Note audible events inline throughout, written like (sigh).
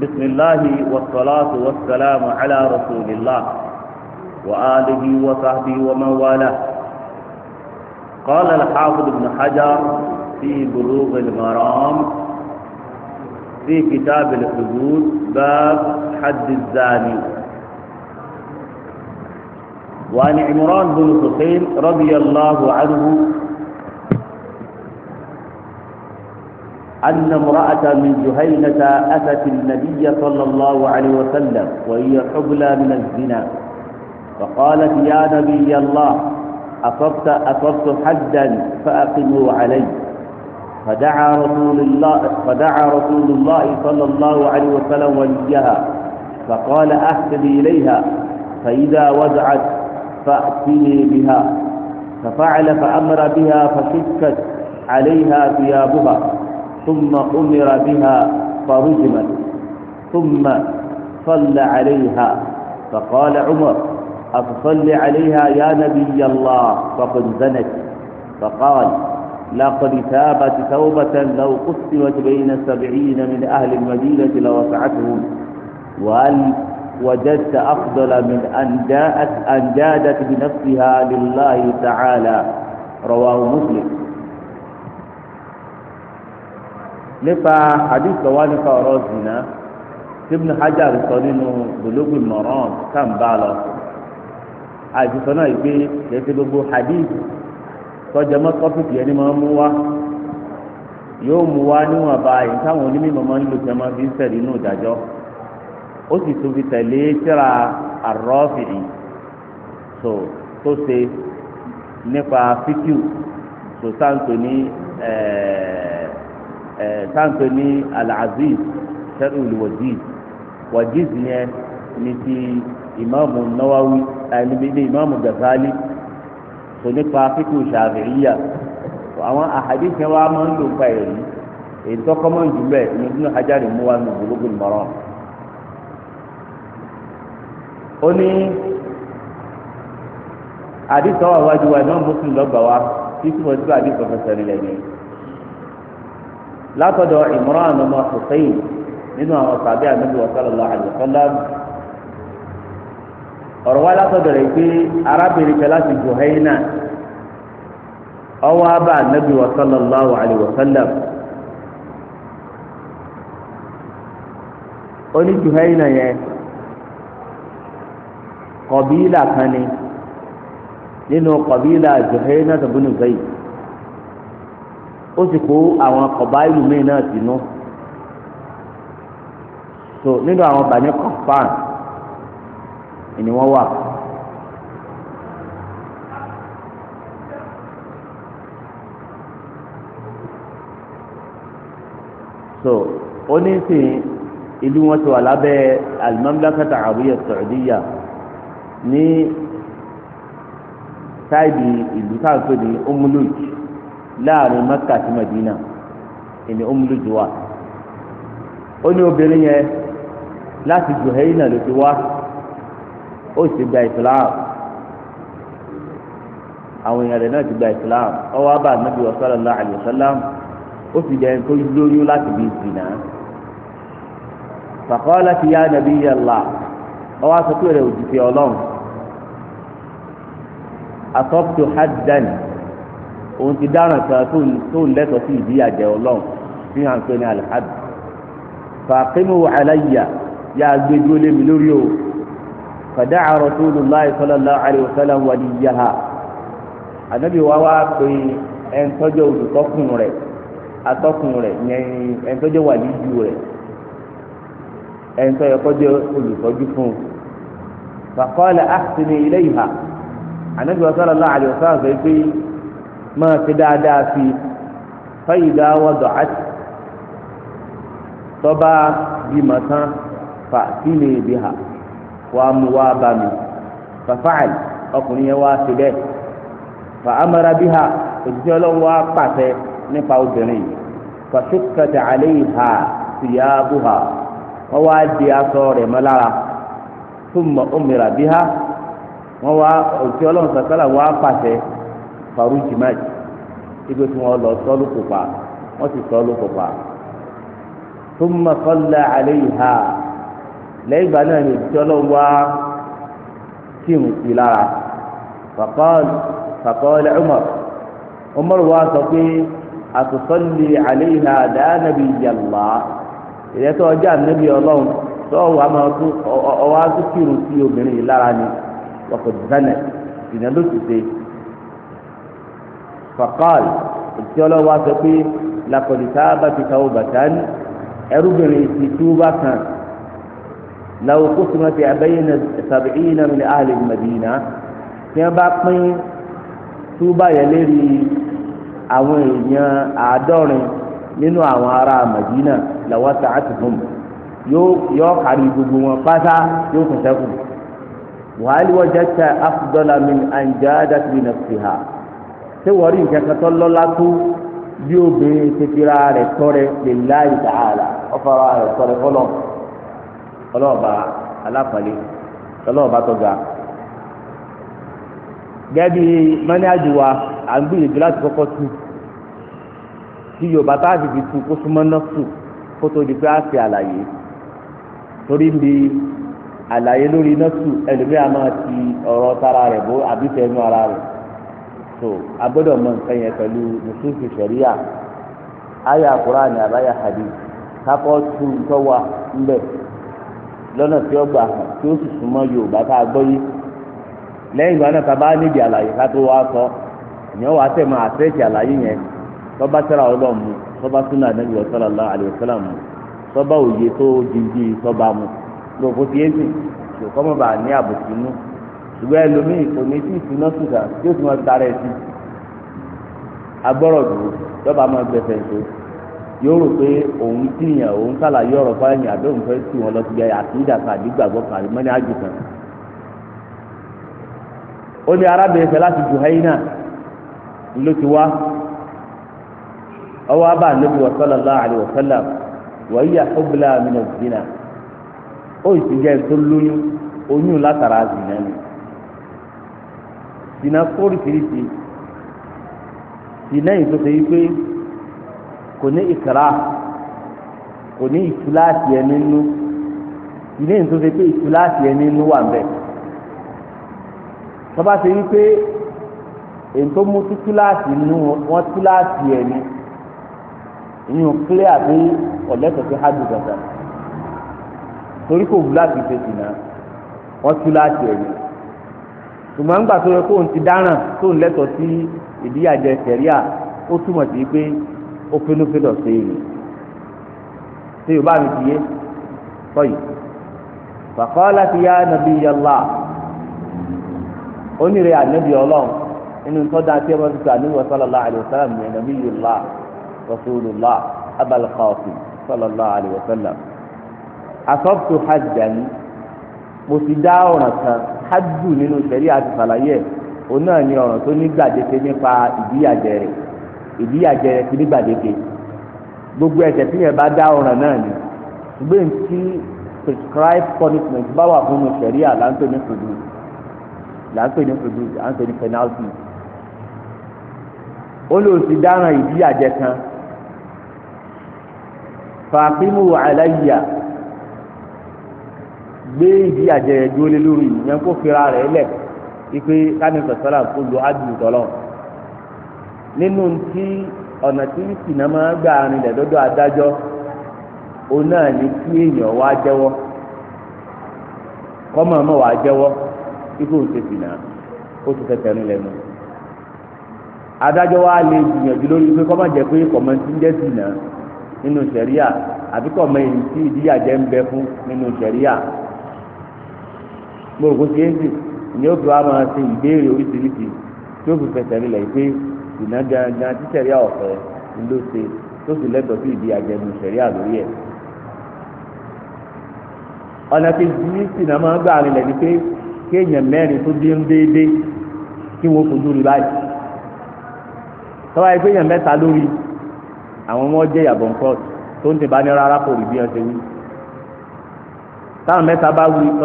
بسم الله والصلاة والسلام على رسول الله وآله وصحبه ومن والاه قال الحافظ ابن حجر في بلوغ المرام في كتاب الحدود باب حد الزاني وعن عمران بن سخيل رضي الله عنه أن امرأة من جهينة أتت النبي صلى الله عليه وسلم وهي حبلى من الزنا فقالت يا نبي الله أصبت أصبت حدا فأقمه علي فدعا رسول الله فدعا رسول الله صلى الله عليه وسلم وليها فقال أهتدي إليها فإذا وزعت فأتني بها ففعل فأمر بها فشكت عليها ثيابها ثم أمر بها فرجمت ثم صلى عليها فقال عمر أتصل عليها يا نبي الله فقد زنت فقال لقد تابت توبة لو قسمت بين سبعين من أهل المدينة لوسعتهم وهل وجدت أفضل من أن جاءت أن جادت بنفسها لله تعالى رواه مسلم nípa àdìsọ wa nípa ọ̀rọ̀ zina tìbùnú hajar sọ nínú gbòlógbò mọ̀ràn kàǹbà lọ àdìsọ náà gbé kẹsẹ gbogbo hadith mọ ẹni máa mú wá yóò mú wá níwọ̀n báyìí táwọn onímọ̀ máa ń lò máa fi ń sẹ̀rí inú ìdájọ́ ó sì tún fi tẹ̀lé tó tó ṣe nípa táǹpẹ ní alaziz sẹ́rùl wajiz wajiz yẹn ní ti ìmáàmù nawawi ẹni ní ìmáàmù gazali tó nípa fíkù ṣàfihìyà àwọn àhàdìsẹ́ wa máa ń lò pa èyí èyí tó kọ́mọ́ jù bẹ́ẹ̀ ní ibùdó hajar mú wa nù bulugul maram. ó ní àdìsọ́ wájú wa náà mú sí lọ́gbà wa títí wọ́n ti bá àdìsọ́ fẹsẹ̀ nílẹ̀ yẹn látọ̀dọ̀ Imran ọmọ Husayn nínú àwọn tàbí ànábì sallallahu alaihi wasallam ọ̀rọ̀ wa látọ̀dọ̀ rẹ̀ pé arábìnrin kan láti Juhayna ọwọ́ abá ànábì sallallahu alaihi wasallam oní Juhayna yẹn kọ̀bílà kan ni nínú kọ̀bílà Juhayna tó bínú Zayd ó sì kó àwọn kọ̀bá ìlú míì náà sínú so nínú àwọn bani kọ̀fán ni wọ́n wà. so onísìn ìlú wọn ti wà lábẹ́ alimamlakata arabiya saudiya ní táìdì ìlú táàpé ní omuluj láàrin maka àti madina ìní omulujuwa ó ní obìnrin yẹn láti juhaina ló ti wá ó sì gba islam àwọn èèyàn rẹ̀ náà ti gba islam ọwọ́ abba anabi wa sallallahu alayhi wa sallam ó sì jẹ́ ẹni tó lóyún láti bí zina fàkọ́lá ti yá nàbí yàlla ọwọ́ asọ́kùnrin rẹ̀ òjì fi ọlọ́run asọ́kùnrin haddan òun ti dáràn kan tó ń lẹ́tọ̀ọ́ sí ìdíyàjẹ ọlọ́run fi hàn pé ní alhad fàákínú aláyà yà á gbé dúró lé mi lórí o fàdá àrò tó lù láì sọlọ́lá àríwọ̀sọ́lá wà ní yàhà ànábì wa wá pé ẹnitọ́jọ́ olùtọ́kùn rẹ̀ atọ́kùn rẹ̀ yẹn ẹnitọ́jọ́ wà ní ju rẹ̀ ẹnitọ́jọ́ kọjọ́ olùtọ́jú fún un fàkọ́lẹ̀ àṣìní ilé ìhà ànábì wa sọlọ́lá àríwọ̀sọ́lá sọ pé. máa fi dáadáa fi fẹ́yìdá wọ́dọ̀ àti tọ́ba bímọ tán fà sí ní ibi hà wà á mú wá bá mi fàfáàlì ọkùnrin yẹn wá sí bẹ́ẹ̀ fà mara bí hà òṣìṣẹ́ ọlọ́run wá pàṣẹ nípa obìnrin àlẹ́ ìhà wọ́n wá di aṣọ rẹ̀ mọ́ lára fún mọ́ òmìnira bí hà wọ́n wá òṣìṣẹ́ ọlọ́run faru jimaji ibi tí wọn lọ sọlù pupa wọn sì sọlù pupa thumma salla alayha lẹ́yìn ìgbà náà ni ìdíjọ́ wá tí lára Umar Umar wa sọ pé àtúntọ́lì alayha dá nabiyallah ìrẹsọ ọjà nàbí Ọlọ́run tó ọwọ́ àmọ́ ọwọ́ àtúntì obìnrin yìí lára ni wọ́n kò fàkàl ìtí ọlọ́wọ́ sọ pé làkọ̀dìtà bàtìkà ọ̀bàtà ni ẹrúbìnrin ti túbà kan làwọn kó sọmọ ti abẹ́yẹ na sàbẹ̀yẹ na mi ní àhàlẹ̀ mẹ̀dínà tí wọ́n bá pín túbà yẹn lérí àwọn èèyàn àádọ́rin nínú àwọn ará mẹ̀dínà làwọn sàátì fún mi yóò kárí gbogbo wọn pátá yóò tún sẹ́kù wàhálì wọ́n jẹ́ tẹ afdọ́là mi àǹjáde àti nàfìhà ṣé wọ́n rí nǹkan kan tó lọ́lá tó bí obìnrin ṣe fi ra rẹ̀ tọrẹ lillahi ta'ala ọ̀fọ̀ra rẹ̀ tọrẹ fọlọ́ ọlọ́ọ̀bà alápàlẹ́ ọlọ́ọ̀bà tọ́ga. gẹ́bí mẹ́nìájú wa à ń gbìyànjú láti kọ́kọ́ tu tí yorùbá tá a sì fi tu kó súnmọ́ náà tù kó tó di pé a ṣe àlàyé torí ń bi àlàyé lórí náà tù ẹlòmíràn máa ti ọ̀rọ̀ tara rẹ̀ bó àbí tẹnu ara rẹ̀. so agbọ́dọ̀ mọ nǹkan yẹn pẹ̀lú nusufu sẹríà àyà kúránì àbáyà hadith kápọ́ tu nǹkan wa ńbẹ̀ lọ́nà tí ó gbà hàn tí ó sì súnmọ́ yorùbá tá a gbọ́ yìí lẹ́yìn ìgbà náà tábà níbi àlàyé ká tó wá sọ ìyẹn wàá tẹ̀ máa àtẹ́ẹ̀tì àlàyé yẹn sọba tẹ́ra mu tọ́ba súnà ànábì sallallahu mu sọba òye tó dìndín sọba mu sì ìwé ẹlòmíì kò ní sí ìsúná sùdà tí ó sì máa tara ẹ̀ sí agbọ́rọ̀ dùn lọ́ba máa gbẹ̀fẹ̀ tó yóò rò pé òun tìyàn òun sàlàyé ọ̀rọ̀ fáyẹ̀yìn àbẹ́ fẹ́ tì wọ́n lọ síbi o tàbí gbàgbọ́ kàrí mọ́ni ó ní arábìnrin fẹ́ láti ló ti wá ọwọ́ abá sì jẹ́ lóyún oyún látara ni. dìnnà kórìkìrìsì dìnnà yìí tó ṣe yí pé kò ní ìkàrà kò ní ìtúláàsì ẹni nínú dìnnà yìí tó ṣe pé ìtúláàsì ẹni nínú wà bẹ́ẹ̀ tọ́ba ṣe yí pé èyí tó mú túláàsì nínú wọn túláàsì ẹni ìyún kílẹ̀ àbí ọ̀lẹ́tọ̀ tó hádùn dandan torí kò wù láti ṣe dìnnà wọn túláàsì ẹni ṣùgbọ́n ńgbà tó yẹ kóun ti dáràn tóun lẹ́tọ̀ọ́ sí ìdíyàjẹ sẹ̀ríà ó túmọ̀ sí pé ó fínúfíndọ̀ sí i ṣé yorùbá mi ti yé sọyì fàkọ́ láti yá nàbí yàlá onírè ànábì ọlọ́run inú tọ́da tí ẹ bá tuntun ànábì sallallahu alaihi wasallam ní nàbí yàlá rasulullah abal qasim sallallahu alaihi hajjani mo ti dá ọ̀ràn kan hajj nínú sẹ̀rí àti sàlàyé òun náà ni ọ̀rọ̀ tó ní gbàdéke nípa ìdíyàjẹ rẹ̀ ìdíyàjẹ rẹ̀ ti ní gbàdéke gbogbo ẹ̀ṣẹ̀ tí yẹn bá dá ọ̀ràn náà ni gbé ntí prescribed punishment bá wà fún un sẹ̀rí à láńpẹ́ ní fòdù láńpẹ́ ní fòdù láńpẹ́ ní penalty ó lò sí dáràn ìdíyàjẹ kan fàákìmù àlàyé gbé idiyaje àjẹyẹ dúró lé lórí ìyẹn kó fira rẹ̀ lẹ̀ ipe kánì kó lo nínú ti ọ̀nà tí ìsìnà máa gbà rinlẹ̀ lọ́dọ̀ adájọ́ òun náà ní kí èèyàn wá jẹ́wọ́ kọ́mọ ọmọ wàá jẹ́wọ́ ikú òṣèṣì ó ti fẹsẹ̀ rinlẹ̀ nù wa lè gbìyànjú lórí pé kọ́mọ jẹ́ pé kọ́mọ ti ń jẹ́ nínú sẹ̀ríà tí ìdíyàjẹ́ ń bẹ gbogbo tí yéésì ni ó fi wá máa ṣe ìbéèrè oríṣiríṣi tí ó fi fẹsẹ̀ rí lẹ̀ pé ìná gangan tí sẹ̀ríà ọ̀fẹ́ ni ló ṣe tó sì lẹ́tọ̀ọ́ sí ìdí àjẹmú sẹ̀ríà lórí ẹ̀. ọ̀nà kejì ní sinà máa gbà rinlẹ̀ ni pé kéèyàn mẹ́rin tó dé ń déédé kí wọ́n fojú rí báyìí. tọ́wá yìí kéèyàn mẹ́ta lórí àwọn ọmọ jẹ́ ìyàbọ̀ nǹkan tó ń tẹ̀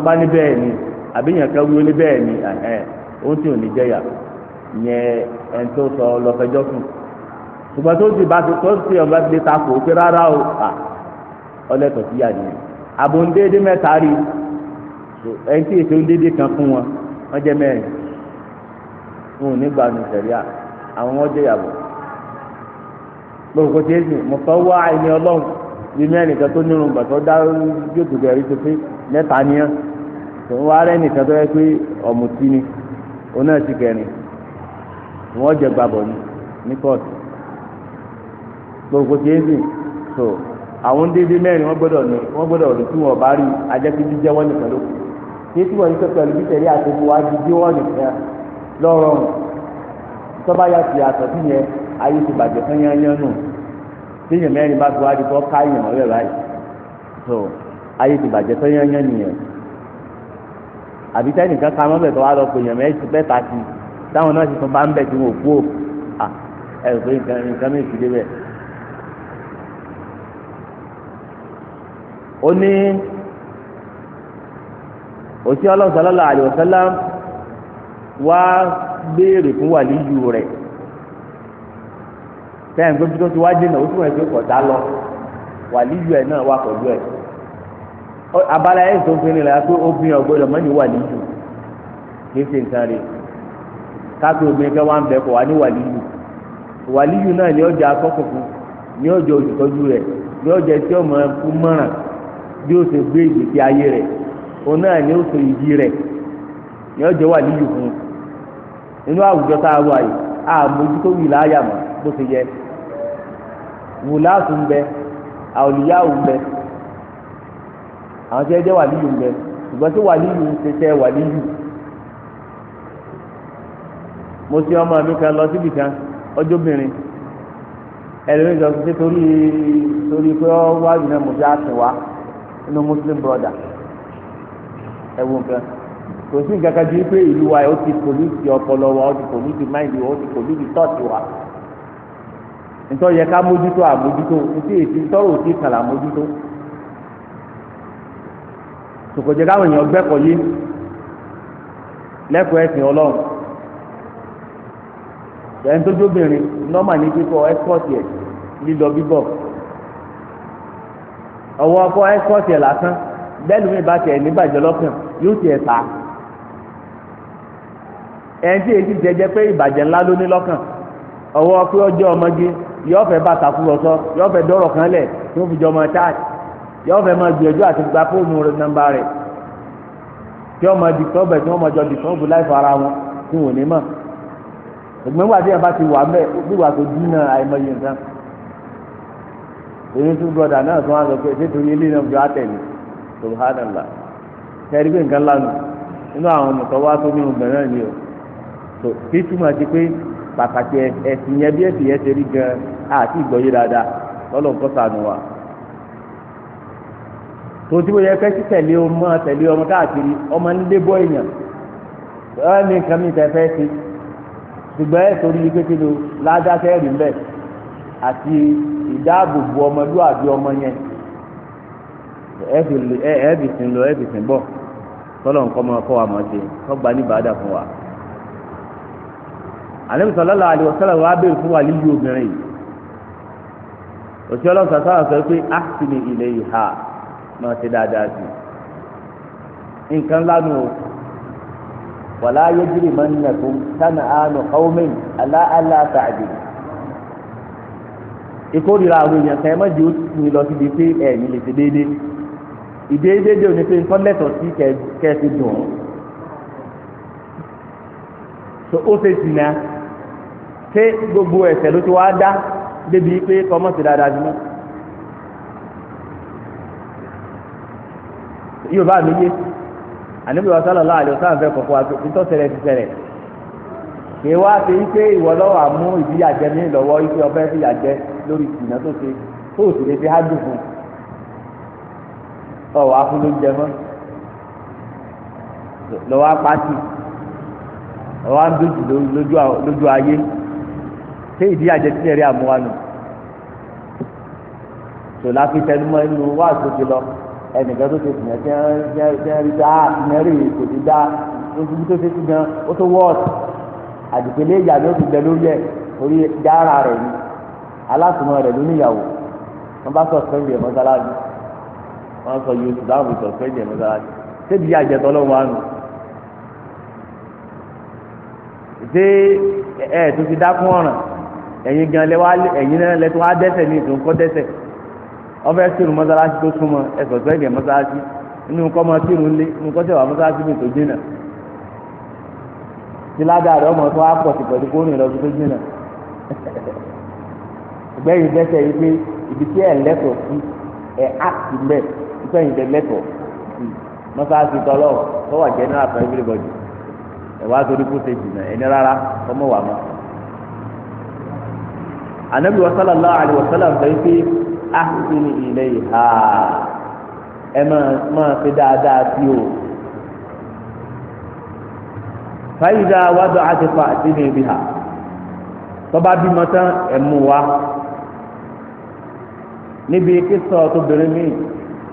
bá ní àbíyàn kan wíwọlé bẹ́ẹ̀ ni ohun tí ò ní jẹ́yà yẹn ẹni tó sọ lọ́fẹ̀jọ́ sùn ṣùgbọ́n tó ti bá ti tó ti ọba ti ta kò pé rárá o à ọlẹ́tọ̀ sí yà nìyẹn àbò ń déédé mẹ́ta rí ẹni tí èso ń déédé kan fún wọn wọ́n jẹ́ mẹ́rin wọn ò ní sẹ̀ríà àwọn wọn jẹ́yàwó gbogbo tí èsì mo fẹ́ wá ẹni ọlọ́run bí mẹ́rin kan tó nírun gbàtọ́ dá yóò tó gẹ̀rí tó pé mẹ́ta nìyẹn. tó ń wá rẹ nìkan tó yẹ pé ọ̀mùtí ni òun náà ti kẹrin wọn jẹ gbàbọ̀ ni ní kóòtù gbogbo so àwọn déédéé mẹ́rin wọ́n gbọ́dọ̀ ní wọ́n gbọ́dọ̀ ní tí wọ́n bá rí ajẹ́pí jíjẹ́ nìkan ló kù ní ya ti àtọ̀ sí yẹn ayé ti bàjẹ́ fún yányán nù téèyàn àbí sẹ́nìkan ka mọ́ bẹ̀tọ̀ wá lọ pé èèyàn mẹ́tì mẹ́ta sí táwọn náà ti tún bá ń bẹ̀ tí wọ́n kú ò ẹ rò pé nǹkan nǹkan mi ti débẹ̀. ó ní òsì ọlọ́sọ̀lọ́lá àlùsọ́lá wá béèrè fún wàlíyù rẹ̀ sẹ́yìn pé bí tó ti wá dènà ó túmọ̀ ẹ̀ pé kọ̀dá lọ wàlíyù ẹ̀ náà wà pẹ̀lú ẹ̀. abala yẹn tó fi ya pé obìnrin ọ̀gbọ́dọ̀ mọ́ni wà níjù kì í ṣe nǹkan obìnrin kẹ́ wá ń bẹ̀ kọ̀ wá ní wàlíyù wàlíyù náà ni ni ni ọmọ ẹkú bí ṣe gbé ìgbésí ayé òun náà ni ìdí ni fún inú àwùjọ tá a wà yìí àmójútó wìlà àyàmọ̀ bó ṣe yẹ wùlà àtúnbẹ àwùjọ àwọn tí ẹ jẹ́ wàlíyù ń bẹ ṣùgbọ́n tí wàlíyù ń ṣe tẹ́ wàlíyù. mo ti ọmọ mi kan lọ síbi kan ọjọ́ obìnrin ẹlẹ́rìí sọ pé torí torí pé ọ wá ìrìnà mo fi àtìn wá nínú muslim brother ẹ wo nǹkan kò sí nǹkan kan ju pé ìlú wa ó ti pòlìtì ọpọlọ wa ó ti pòlìtì máìlì wa ó ti pòlìtì tọ́ọ̀tì wa nítorí yẹ ká mójútó àmójútó nítorí èsì tọ́rọ̀ òsì kàlà mójútó. kòkòjẹ káwọn èèyàn gbẹ́kọ̀ọ́ ẹ̀sìn ọlọ́run ẹni tó nọ́mà ní kíkọ ẹ́sọ́ọ̀tì ẹ̀ lílọ bíbọ ọwọ́ ọkọ lásán bẹ́ẹ̀ni mi bá lọ́kàn yóò ta ẹni tí èyí jẹjẹ pé ńlá ló lọ́kàn ọmọge bàtà kan tó yọ fẹ́ ma gbìyànjú àti gba fóònù rẹ̀ nọ́mbà rẹ̀ tí wọ́n di tọ́ bẹ̀ tí jọ di láì fara wọn ní wà bá ti wà mẹ́ tó dín náà àìmọye nǹkan èyí tún náà tó sọ pé ṣé torí ilé náà subhanallah kẹrí pé nǹkan lánàá nínú àwọn tó ní náà ni o tó tó tí mo yẹ kẹ́sì tẹ̀lé ọmọ tẹ̀lé ọmọ káàkiri ọmọ ń dé bọ́ èèyàn ẹ ní nǹkan mi tẹ́ fẹ́ ṣe ṣùgbọ́n ẹ torí kékeré ló ládàkẹ́ rí mbẹ́ àti ìdáàbòbò ọmọlúwàbí ọmọ yẹn ẹ fi sìn lọ ẹ fi sìn bọ̀ tọ́lọ̀ nǹkan ọmọ kọ́ wa ṣe kọ́ gba ní bàdà fún wa. àlẹ́ sọ̀lọ́lá àlè ọ̀sẹ̀lẹ̀ wa béèrè fún wa lílu obìnrin yìí òṣìṣẹ́ ọlọ́sàtà sọ pé áṣìní ilẹ̀ yìí ha máa ṣe dáadáa sí i nǹkan lánà o wàlá ayédèrè máa ń nàkó sánà àánú ọ̀hún aláàlá tààdì ìkórìíra àwọn èèyàn kan ẹ má jẹ́ ó tún mi lọ síbi pé ẹ̀yìn lè ṣe déédéé ìdéédéédé òní pé nǹkan lẹ́tọ̀ọ́ sí kẹ́ẹ̀sì dùn ún ó ṣe sì náà ṣé gbogbo ẹ̀ṣẹ̀ ló ti wá dá débi pé kọ́mọ́sí dáadáa sí yóò bá mi yé ànábì wa sálọ láàlẹ ọsàn fẹ kọkọ àti ìtọ́sẹ̀rẹ̀ ti ṣẹlẹ̀ kì í wá ṣe ike ìwọ lọ́wọ́ àmú ìdíyà jẹ mí lọ́wọ́ ike ọbẹ̀ fìyà jẹ lórí ìsìnà tó ṣe tó sì lè fi hájú fún ọwọ́ afún ló ń jẹ mọ́ lọ́wọ́ apáti ọwọ́ àdójì lójú ayé ṣé ìdíyà jẹ tíyẹ̀rí àmúwánu tòlá fi tẹnumọ́ inú wáàsó ti lọ ẹnìkan tó ṣe sìnà tí wọ́n ti rí dá mẹ́rì kò ti dá oṣù tó ṣe sí gan ó tó wọ́ọ̀tì àdìpẹ́lẹ́ ìyá ni ó ti bẹ lórí ẹ̀ orí dára rẹ̀ ni alásùnmọ́ rẹ̀ ló níyàwó wọ́n bá sọ sẹ́ńdì ẹ̀ mọ́sálásí wọ́n sọ yóò sùn dáhùn sọ sẹ́ńdì ẹ̀ mọ́sálásí ṣébi yá àjẹtọ́ lọ́wọ́ àánú ṣé ẹ̀ tó ti dá fún ọ̀ràn ẹ̀yin gan lẹ́wọ́ ẹ̀yin náà lẹ́tọ́ á dẹ́sẹ̀ ní ìtòǹkọ́ dẹ́sẹ̀ ọfẹ tìrún mọ́sálásí tó súnmọ́ ẹsọsọ ìdè mọ́sálásí inú kọ́ máa tìrún lé inú kọ́ sẹ̀wà mọ́sálásí mi tó dínà tí ládàá ọmọ tó wá pọ̀ sí pẹ̀lú kó rìn lọ sí tó dínà ìgbẹ́yìn dẹ́sẹ̀ yìí pé ibi tí ẹ̀ lẹ́tọ̀ sí ẹ̀ áàkì mbẹ́ ìgbẹ́yìn dẹ́ lẹ́tọ̀ sí mọ́sálásí tọ́lọ́ tó wà general for everybody ẹ̀ wá torí kó ṣe jìnnà ẹni rárá ọmọ wà mọ́. ànábì sallallahu alaihi wasallam sọ ahsini ilayha ẹ máa máa fi dáadáa sí o fàyídà wàdọ̀ àtẹ̀fà àti ní ibi hà tọ́ba bímọ tán ẹ̀ mú wa níbi kíkọ́ tóbìnrin míì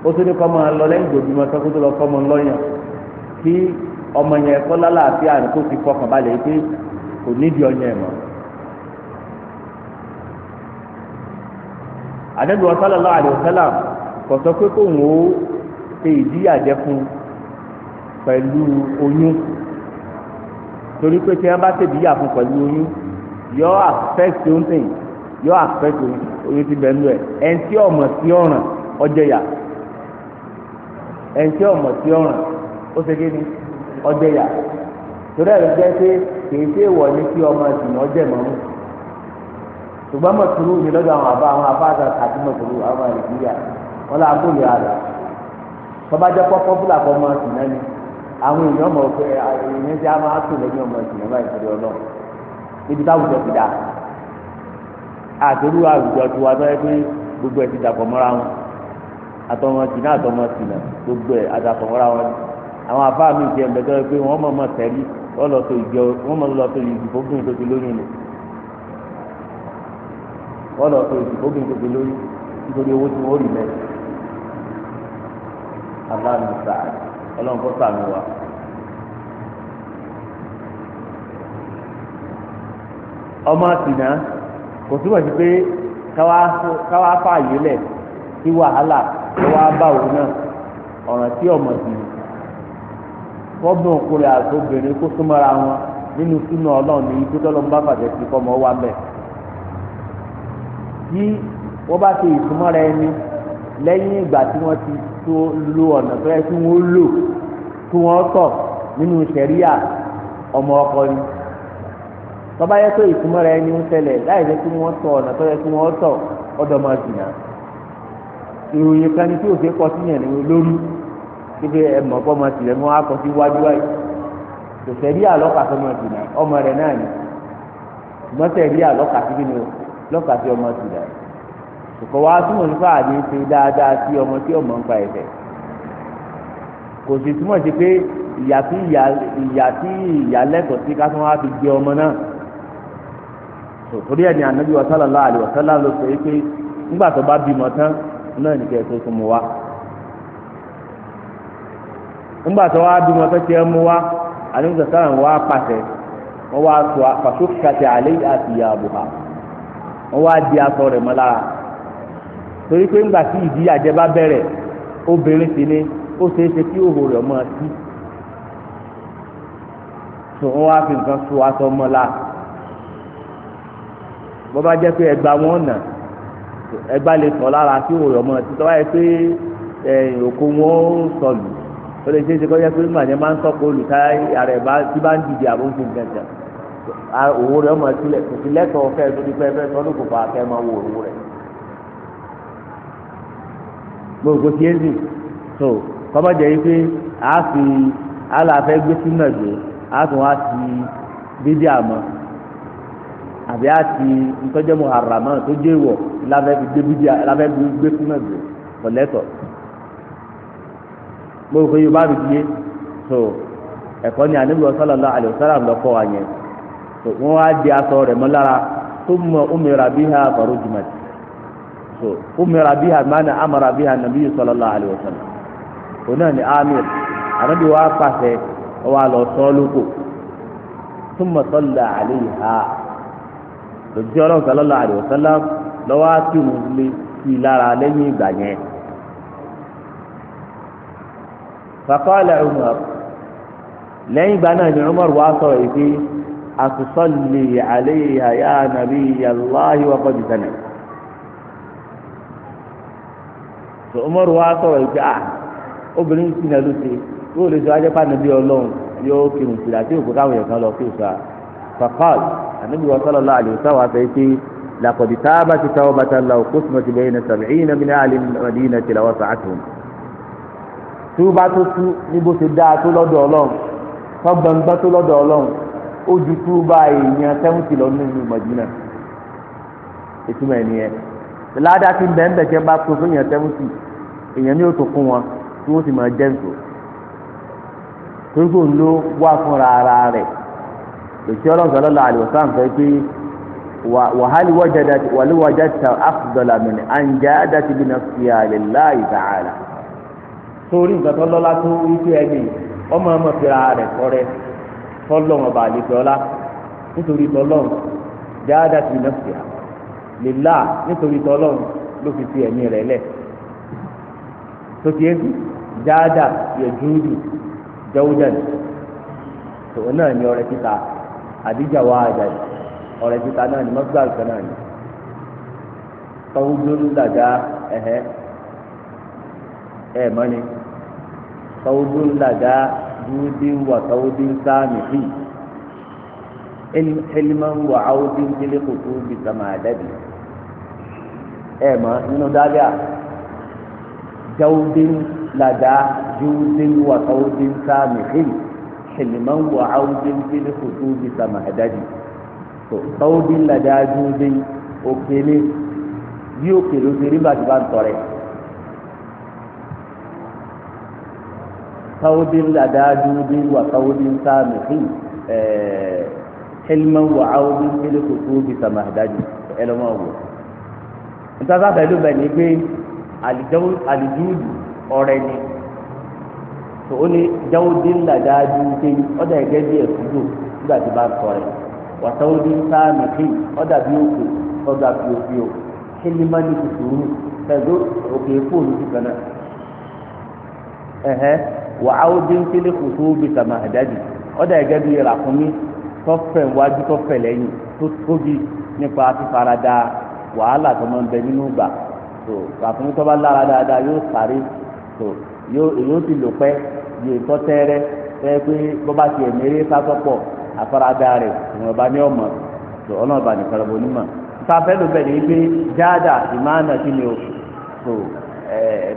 ó tún ní kọ́ máa lọ lẹ́yìn ìgbòbímọ tán kó tó lọ kọ́ lọ́yàn kí ọmọ yẹn kọ́ lálàáfíà kó fi fọkàn balẹ̀ pé kò nídìí ọyàn ẹ̀ mọ́. ànábì wa sallallahu alayhi wa sallam kò sọ pé kóun ó ṣe ìdíyàjẹ fún pẹ̀lú oyún torí pé tí wọ́n bá ṣe ìdíyà fún pẹ̀lú oyún yọ affect something yọ affect oyún ti bẹ̀rù ẹ̀ ẹn tí ọmọ tí ọ̀ràn ọjẹyà ẹn tí ọmọ tí ọ̀ràn ó ṣe kí ni ọjẹyà torí ẹ̀ jẹ́ pé kì í ṣe ìwọ̀ ní kí ọmọ ìsìn ọjẹ́ mọ́mú ṣùgbọ́n mọ̀tòrò mi lọ́dọ̀ àwọn àbá àwọn àbá àti àti mọ̀tòrò àwọn nàìjíríà wọn là ń bò lè ara tọ́ba pọ́pọ́ fúlà kọ́ ọmọ ọ̀sìn náà ni àwọn èèyàn mọ̀ pé èèyàn ti á máa tó lẹ́yìn ọmọ ọ̀sìn náà báyìí torí ọlọ́run ibi táwùjọ ti dà àtòrú àwùjọ tiwa tó yẹ pé gbogbo ẹ̀ ti dàpọ̀ mọ́ra wọn àtọmọ ọ̀sìn náà àtọmọ ọ̀sìn náà gbogbo ẹ̀ àdàpọ̀ mọ́ra wọn àwọn àfáà mi ti ẹ̀ bẹ̀tọ́ pé wọ́n mọ̀ mọ̀ tẹ́lí wọ́n lọ tó ìgbẹ́ wọ́n mọ̀ lọ tó ìdìbò fún ìtòsí lónìí wọ́n lọ pé ìdìbò bí gbogbo lórí nítorí owó tí wọ́n rí mẹ́rin aláàánú sáà ọlọ́run wa. ọmọ àtìná kò túbọ̀ sí pé káwá fààyè lẹ̀ sí wàhálà tó wá bá òun náà ọ̀ràn tí ọmọ sì ní. wọ́n bẹ̀ ọkùnrin àti obìnrin kó súnmọ́ra wọn nínú súnà ọlọ́run ní tí wọ́n bá ṣe ìsúnmọ́ra ẹni lẹ́yìn ìgbà tí wọ́n ti tó lo ọ̀nà tó yẹ kí wọ́n lò kí wọ́n tọ̀ nínú sẹ̀ríà ọmọ ọkọ ni tọ́ba yẹ pé ìsúnmọ́ra ẹni ń ṣẹlẹ̀ láì jẹ́ kí wọ́n tọ̀ ọ̀nà tó yẹ kí wọ́n tọ̀ ọ̀dọ̀ máa jìnnà ìròyìn kan ni tí òfin kọ síyàn ní lórí ibi ẹ̀mọ́ kọ́ máa tìrẹ̀ mọ́ akọ sí wájú wáyé kò sẹ̀ríà lọ́kà tó máa jìnnà ọmọ rẹ̀ náà ni ṣùgbọ́n sẹ̀ríà lọ́kà síbi ni o lọ́kà tí ọmọ ti dà kò wá túmọ̀ sí fáàdì ṣe dáadáa sí ọmọ tí ọmọ ń pa ẹ̀fẹ̀ kò sì túmọ̀ sí pé ìyà tí ìyà tí ìyà lẹ́tọ̀ọ́ sí ká tún wá fi jẹ ọmọ náà torí ẹ̀ ní anabi sallallahu alaihi wasallam ló sọ pé nígbà tó bá bímọ tán náà nìkẹ́ ẹ̀ tó tún mu wá nígbà tó wá bímọ tó tiẹ̀ mu wá anabi sallallahu wá pàṣẹ wọ́n wá sọ àfàṣọ́ kàtẹ́ àlẹ́ àti ìyá àbùhà wọ́n wá di aṣọ rẹ̀ mọ́ lára torí pé ńgbà tí ìdí àjẹbá bẹ̀rẹ̀ obìnrin sì ni ó ṣeé ṣe kí òhò rẹ̀ mọ́ sí tó wọ́n wá fi nǹkan so aṣọ mọ́ lára bọ́ bá jẹ́ pé ẹgbàá wọn nà ẹgbàá lè sọ lára kí òhò rẹ̀ mọ́ sí tọ́wá yẹ pé òkú wọn ó sọlù ó lè ṣeé ṣe kọ́ jẹ́ pé ńgbà yẹn máa ń sọ́kò olùtá ààrẹ tí bá ń dìde àbóǹkì nǹkan kan. owó rẹ̀ ọmọ ẹtí lẹ̀ kò sí lẹ́tọ̀ọ́ fẹ́ kò máa wo gbogbo tí yéé so yìí pé a fi aláfẹ́ gbé sí a tún wá àmọ́ àbí a ti tó jẹ́ ìwọ̀ láfẹ́ gbé kò gbogbo Yorùbá mi ti yé so ẹ̀kọ́ ni lọ́kọ́ wa yẹn. wọ́n wá di aṣọ rẹ̀ mọ́ lára thumma umira biha farujimat so umira biha mana amara biha nabiyyu sallallahu alaihi wasallam òun náà ni amir ànábi wa pàṣẹ ọwọ́ àlọ́ sọ́ọ́lùkù thumma salla alaiha lòdì ọlọ́run sallallahu alaihi wasallam lọ́wọ́ á kí òun lára lẹ́yìn ìgbà yẹn. faqala Umar lẹ́yìn ìgbà náà ni Umar wá sọ̀rọ̀ yìí أتصلي عليها يا نبي الله وقد زنت Umar wa sọ̀rọ̀ yìí pé a ah, obìnrin ti nà lóṣè yóò lè sọ ajẹ́pá nàbí ọlọ́run yóò kírun sílẹ̀ àti òkú káwọn èèyàn kan lọ kí òṣà fàkàl ànábì wa sọ̀rọ̀ lọ àlè sáwà sọ pé làkọ̀dì táàbà ti táwọn bàtà lọ kó sùnmọ́ ti bẹ́yìn náà sàbẹ̀ yìí nàbí náà àlè náà ti làwọn sàátùn. tí wọ́n bá tó tú ní bó ṣe dáa tó lọ́dọ̀ ọlọ́run tó gbọ̀ngbọ́n tó lọ́dọ̀ ọlọ́run ó ju túbà èèyàn sẹ́wọ́ntì lọ nínú Mádínà ìtumọ̀ ẹ̀ nìyẹn láàdá tí ń bá tó fún èèyàn sẹ́wọ́ntì èèyàn ní òtò fún wọn tí wọ́n sì máa jẹ́ nìkó torípò ló wà fúnra ara rẹ̀ lòtí ọlọ́run sọ̀rọ̀ àlùfáà ń fẹ́ pé wàhálì ta fọlọ́n ọba àlejò ọlá nítorí tọlọ́n jáádá ti iná fìyà lèlá nítorí tọlọ́n ló fi fi ẹ̀mí rẹ̀ lẹ̀ tó ti ẹ́ jáádá yẹ júùdù jẹ́wúdàn tòun náà ní ọrẹ títa àdíjà wà ájà ọrẹ títa náà ní mọ́tíláà náà ní tọ́wọ́ dúró dàda ẹ̀hẹ́ ẹ̀ mọ́ni tọ́wọ́ dúró dàda. جود وصود سامح حلما وعود في الخطوب تمادد اما انه دابع جود لدى جود وصود سامح حلما وعود للخطوب الخطوب تمادد صود لدى جود òkèlè bí òkèlè ó ti ثوب لدى جود وثوب سامح حلما وعود بالخطوب تمهدج ẹlọmọ wò nítorí àfẹ ló bẹ ní pé àlìjúùdù ọrẹ ni tó ó ní jáwódì ńlájà dúdé ọdà ẹgẹ bí ẹkúdò nígbà tí bá ń sọ rẹ wàtáwódì sáàmì kí ọdà bí òkè ọdà bí o kí ni má ní kùtùrù pẹ̀lú òkè fóònù ti kan náà. wà á ó dé ń tẹ́lẹ̀ kò tó gbé sàmà àdáde ọ̀dà ẹ̀gẹ́ bíi ràkúnmí tọ́fẹ̀ wájú tọ́fẹ̀ lẹ́yìn tó tóbi nípa fífaradà wàhálà tó máa ń bẹ nínú gbà tó ràkúnmí tó bá lára dáadáa yóò sáré tó yóò ti lò pẹ́ yóò tọ́ tẹ́rẹ́ tẹ́ pé bó bá tiẹ̀ méré sátọ́pọ̀ àfaradà rẹ̀ ìwọ̀nba ní ọmọ tó ọlọ́ọ̀bà nìkan lọ́bọ̀ onímọ̀ fafẹ́ ló bẹ̀rẹ̀ gbé jáàdà ìmáàna kí ni o tó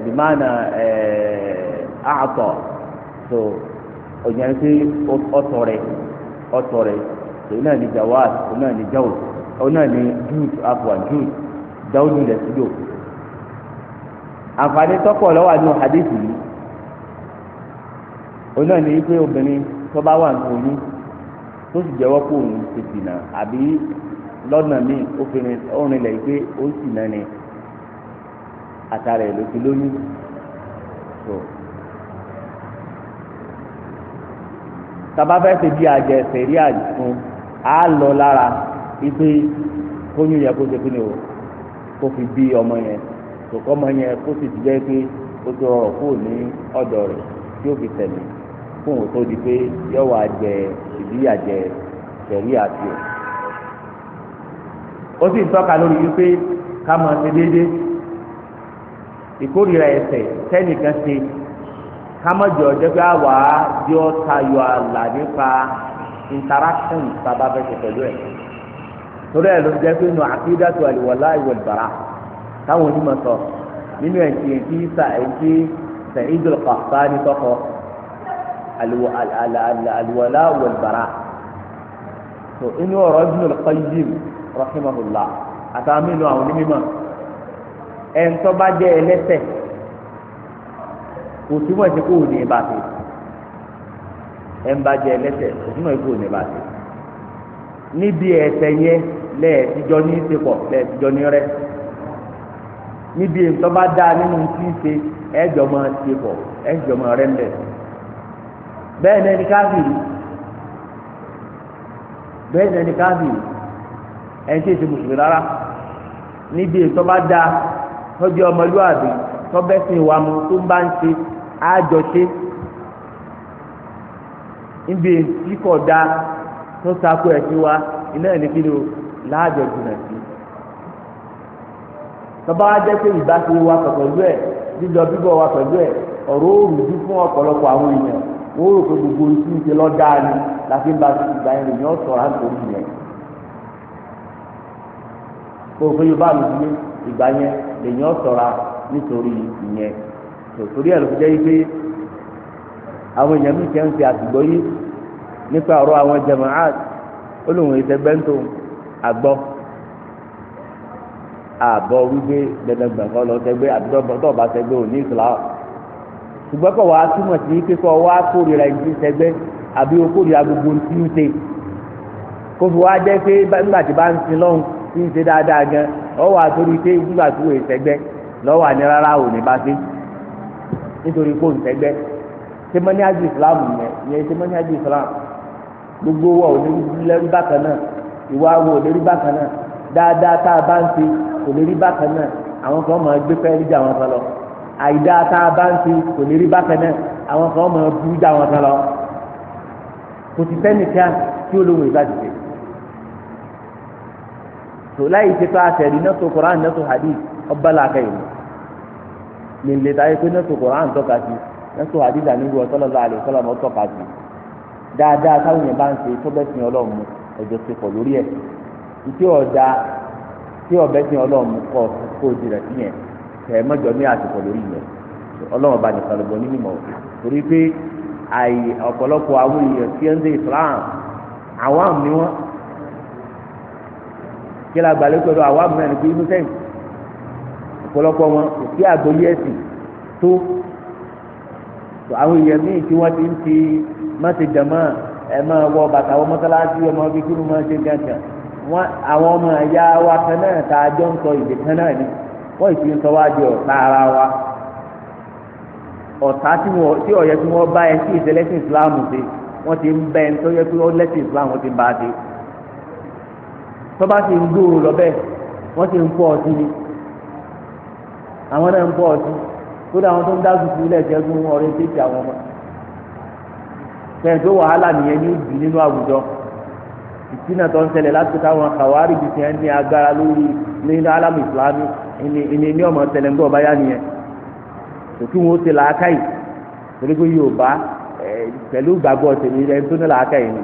ìmáàna ẹ̀ àtọ̀ so òyìnbó onye ọtọ̀ rẹ̀ náà ní jawad náà ní jawad náà ní jud afwan jud dawudu lẹ̀ sídò àǹfààní tọ́pọ̀ lọ́wọ́ àdúrà hadithi yìí onáà ní pé obìnrin tó bá wà nínú oyún tó sì jẹ́wọ́ pé òun ti dìnnà àbí lọ́nà míì obìnrin ọ̀rìn lẹ̀ pé ó sì náà àtàrà tàbá fẹ́ ṣe bí àjẹ sẹ̀rí àjùkún á lọ lára ipe kóyún yẹn kó ṣe kí ni o kó fi bí ọmọ yẹn tòkọ́ ọmọ yẹn kó sì ti jẹ́ pé ó ti rọrọ̀ kó ní ọ̀dọ̀ rẹ̀ tí ó fi tẹ̀lé fún òun tó di pé yóò wá jẹ ìbíyà sẹ̀rí àti ẹ̀. ó sì ń tọ́ka lórí wípé ká máa ṣe déédéé ìkórìíra ẹ̀ṣẹ̀ tẹ́nìkan ṣe kámọ́jọ jẹ́ pé àwa yọ tayọ àlà nípa interaction sábà fẹsẹ̀ pẹ̀lú ẹ̀ torí ẹ̀ ló jẹ́ pé nù àkídàtú àlùwọ̀lá ìwọ̀lùbàrà táwọn onímọ̀ sọ nínú ẹ̀ǹtí ẹ̀ǹtí sa ẹ̀ǹtí sẹ̀ǹdùl kọ̀ọ̀fà ní tọkọ àlùwọ̀lá ìwọ̀lùbàrà tó inú ọ̀rọ̀ Ibnul Qayyim rahimahullah àtàwọn mìíràn àwọn onímọ̀ ẹ̀ǹtọ́ bá jẹ́ ẹlẹ́sẹ̀ kò túmọ̀ sí kó o ní ibà sí ẹ̀ ń bá jẹ ẹlẹ́sẹ̀ kò túmọ̀ sí kó o ní ibà sí níbi ẹ̀sẹ̀ yẹn lẹ́ẹ̀tijọ́ ní ìsepọ̀ lẹ́ẹ̀tijọ́ ní rẹ́ níbi ìtọ́ bá dáa nínú tí ń ṣe ẹ̀jọ̀ mọ ìsepọ̀ ẹ̀jọ̀ mọ rẹ́ ńlẹ̀ bẹ́ẹ̀ náà ní káfíìrì bẹ́ẹ̀ náà ní káfíìrì ẹ̀ tí èsì mùsùlùmí rárá níbi ìtọ́ bá dáa tọ́jú ọmọlúwàbí tọ́bẹ́sìn wa mu tó ń bá ń ṣe àjọ ṣe níbi tí kò da tó sako ẹ̀sìn wa iná ẹ̀ ní kí ni o láàjọ sí wa jẹ́ pé ìbáṣe wa pẹ̀lú ẹ̀ lílọ bíbọ̀ wa pẹ̀lú ẹ̀ ọ̀rọ̀ fún ọ̀pọ̀lọpọ̀ àwọn èèyàn gbogbo ìṣe ni láti ń ìgbà yẹn lèyàn torí ẹ̀ ló fi jẹ́ yí pé àwọn èèyàn mìíràn ti ń fi àtìgbọ́ yí nípa ọ̀rọ̀ àwọn jamaat olóhùn ìtẹ́gbẹ́ntò àgbọ́ àbọ̀ wípé dandangbọ̀n kọ́ lọ sẹ́gbẹ́ àbídọ́gbọ̀n bá sẹ́gbẹ́ òní ìsìlá ṣùgbọ́n kọ̀ wá túmọ̀ sí pé kọ́ wá kórìíra ìdí sẹ́gbẹ́ àbí o kórìíra gbogbo tí ń ṣe kó fi wá jẹ́ pé nígbà tí bá ń sin lọ́hùn tí ń ṣe dáadáa gan ọ wà torí pé nígbà tí wò ìsẹ́gbẹ́ lọ́wọ́ àní rárá òní bá ṣe nítorí kó ń tẹ́gbẹ́ tẹmọ́ní àjò islam yẹn yẹn tẹmọ́ní àjò islam gbogbo wa ò lè rí bákan náà ìwà wa ò lè rí bákan náà dáadáa tá a bá ń ṣe kò lè rí bákan náà àwọn kan máa gbé fẹ́ rí jà wọn kan lọ àìdáa tá a bá ń ṣe kò lè rí bákan náà àwọn kan máa bú jà wọn kan kò sì sẹ́ni kíá tí olóhùn ìbàdí ṣe tòláyìí ṣe tó àṣẹ rí tó Kùránì náà tó hadith ọba làákàyè mi. lèlè táyé pé nẹ́sùn si tọ́ka sí nẹ́sùn àdìsá níbi ala àlè sọ́lọ́mọ dáadáa táwọn yẹn bá ń ṣe tọ́bẹ̀sìn ọlọ́run ẹ̀jọ̀ ti pọ̀ lórí ẹ̀ ìtí ọ̀dà tí kó jìnà sí yẹn ní àsìkò lórí yẹn ọlọ́run bá nìkan lọ́gbọ́n ní torí pé àyè tí ń Islam àwọn ọ̀pọ̀lọpọ̀ wọn kò sí àgbọ́yé ẹ̀sìn tó àwọn èèyàn míì tí wọ́n ti ń fi mọ́tì jẹ̀mọ́ ẹ̀ máa wọ bàtà wọn mọ́sálásí ọmọ bíi kí ló máa ṣe gàǹgà wọn àwọn ọmọ ẹ̀yà wa kan náà tá a ń sọ èdè kan náà ni wọ́n ì fi ń sọ wá di ọ̀tá ara wa ọ̀tá tí ọ̀yẹ́ tí wọ́n bá ẹ sí ìtẹ́lẹ́sìn ìsìláàmù ṣe wọ́n ti ń bẹ ẹni tó yẹ pé ó lẹ́sìn ìsìláàmù wọ́n ti bá a ṣe tọ́ba ti ń gbòòrò lọ bẹ́ẹ̀ wọ́n ti ń pọ̀ sí ni àwọn náà ń bọ̀ ọtí kódà àwọn tó ń dásù fún ilé ìjẹun ọrẹ tètè àwọn ọmọ fẹẹtọ wàhálà nìyẹn ní ìdí nínú àwùjọ ìtìnà tó ń ṣẹlẹ̀ láti táwọn ní agbára lórí nínú ìsìlámù ìní ní ọmọ ń bọ̀ báyà nìyẹn wọn ó ti làákà yìí torí pé Yorùbá pẹ̀lú gbàgbọ́ tèmi tó ní ni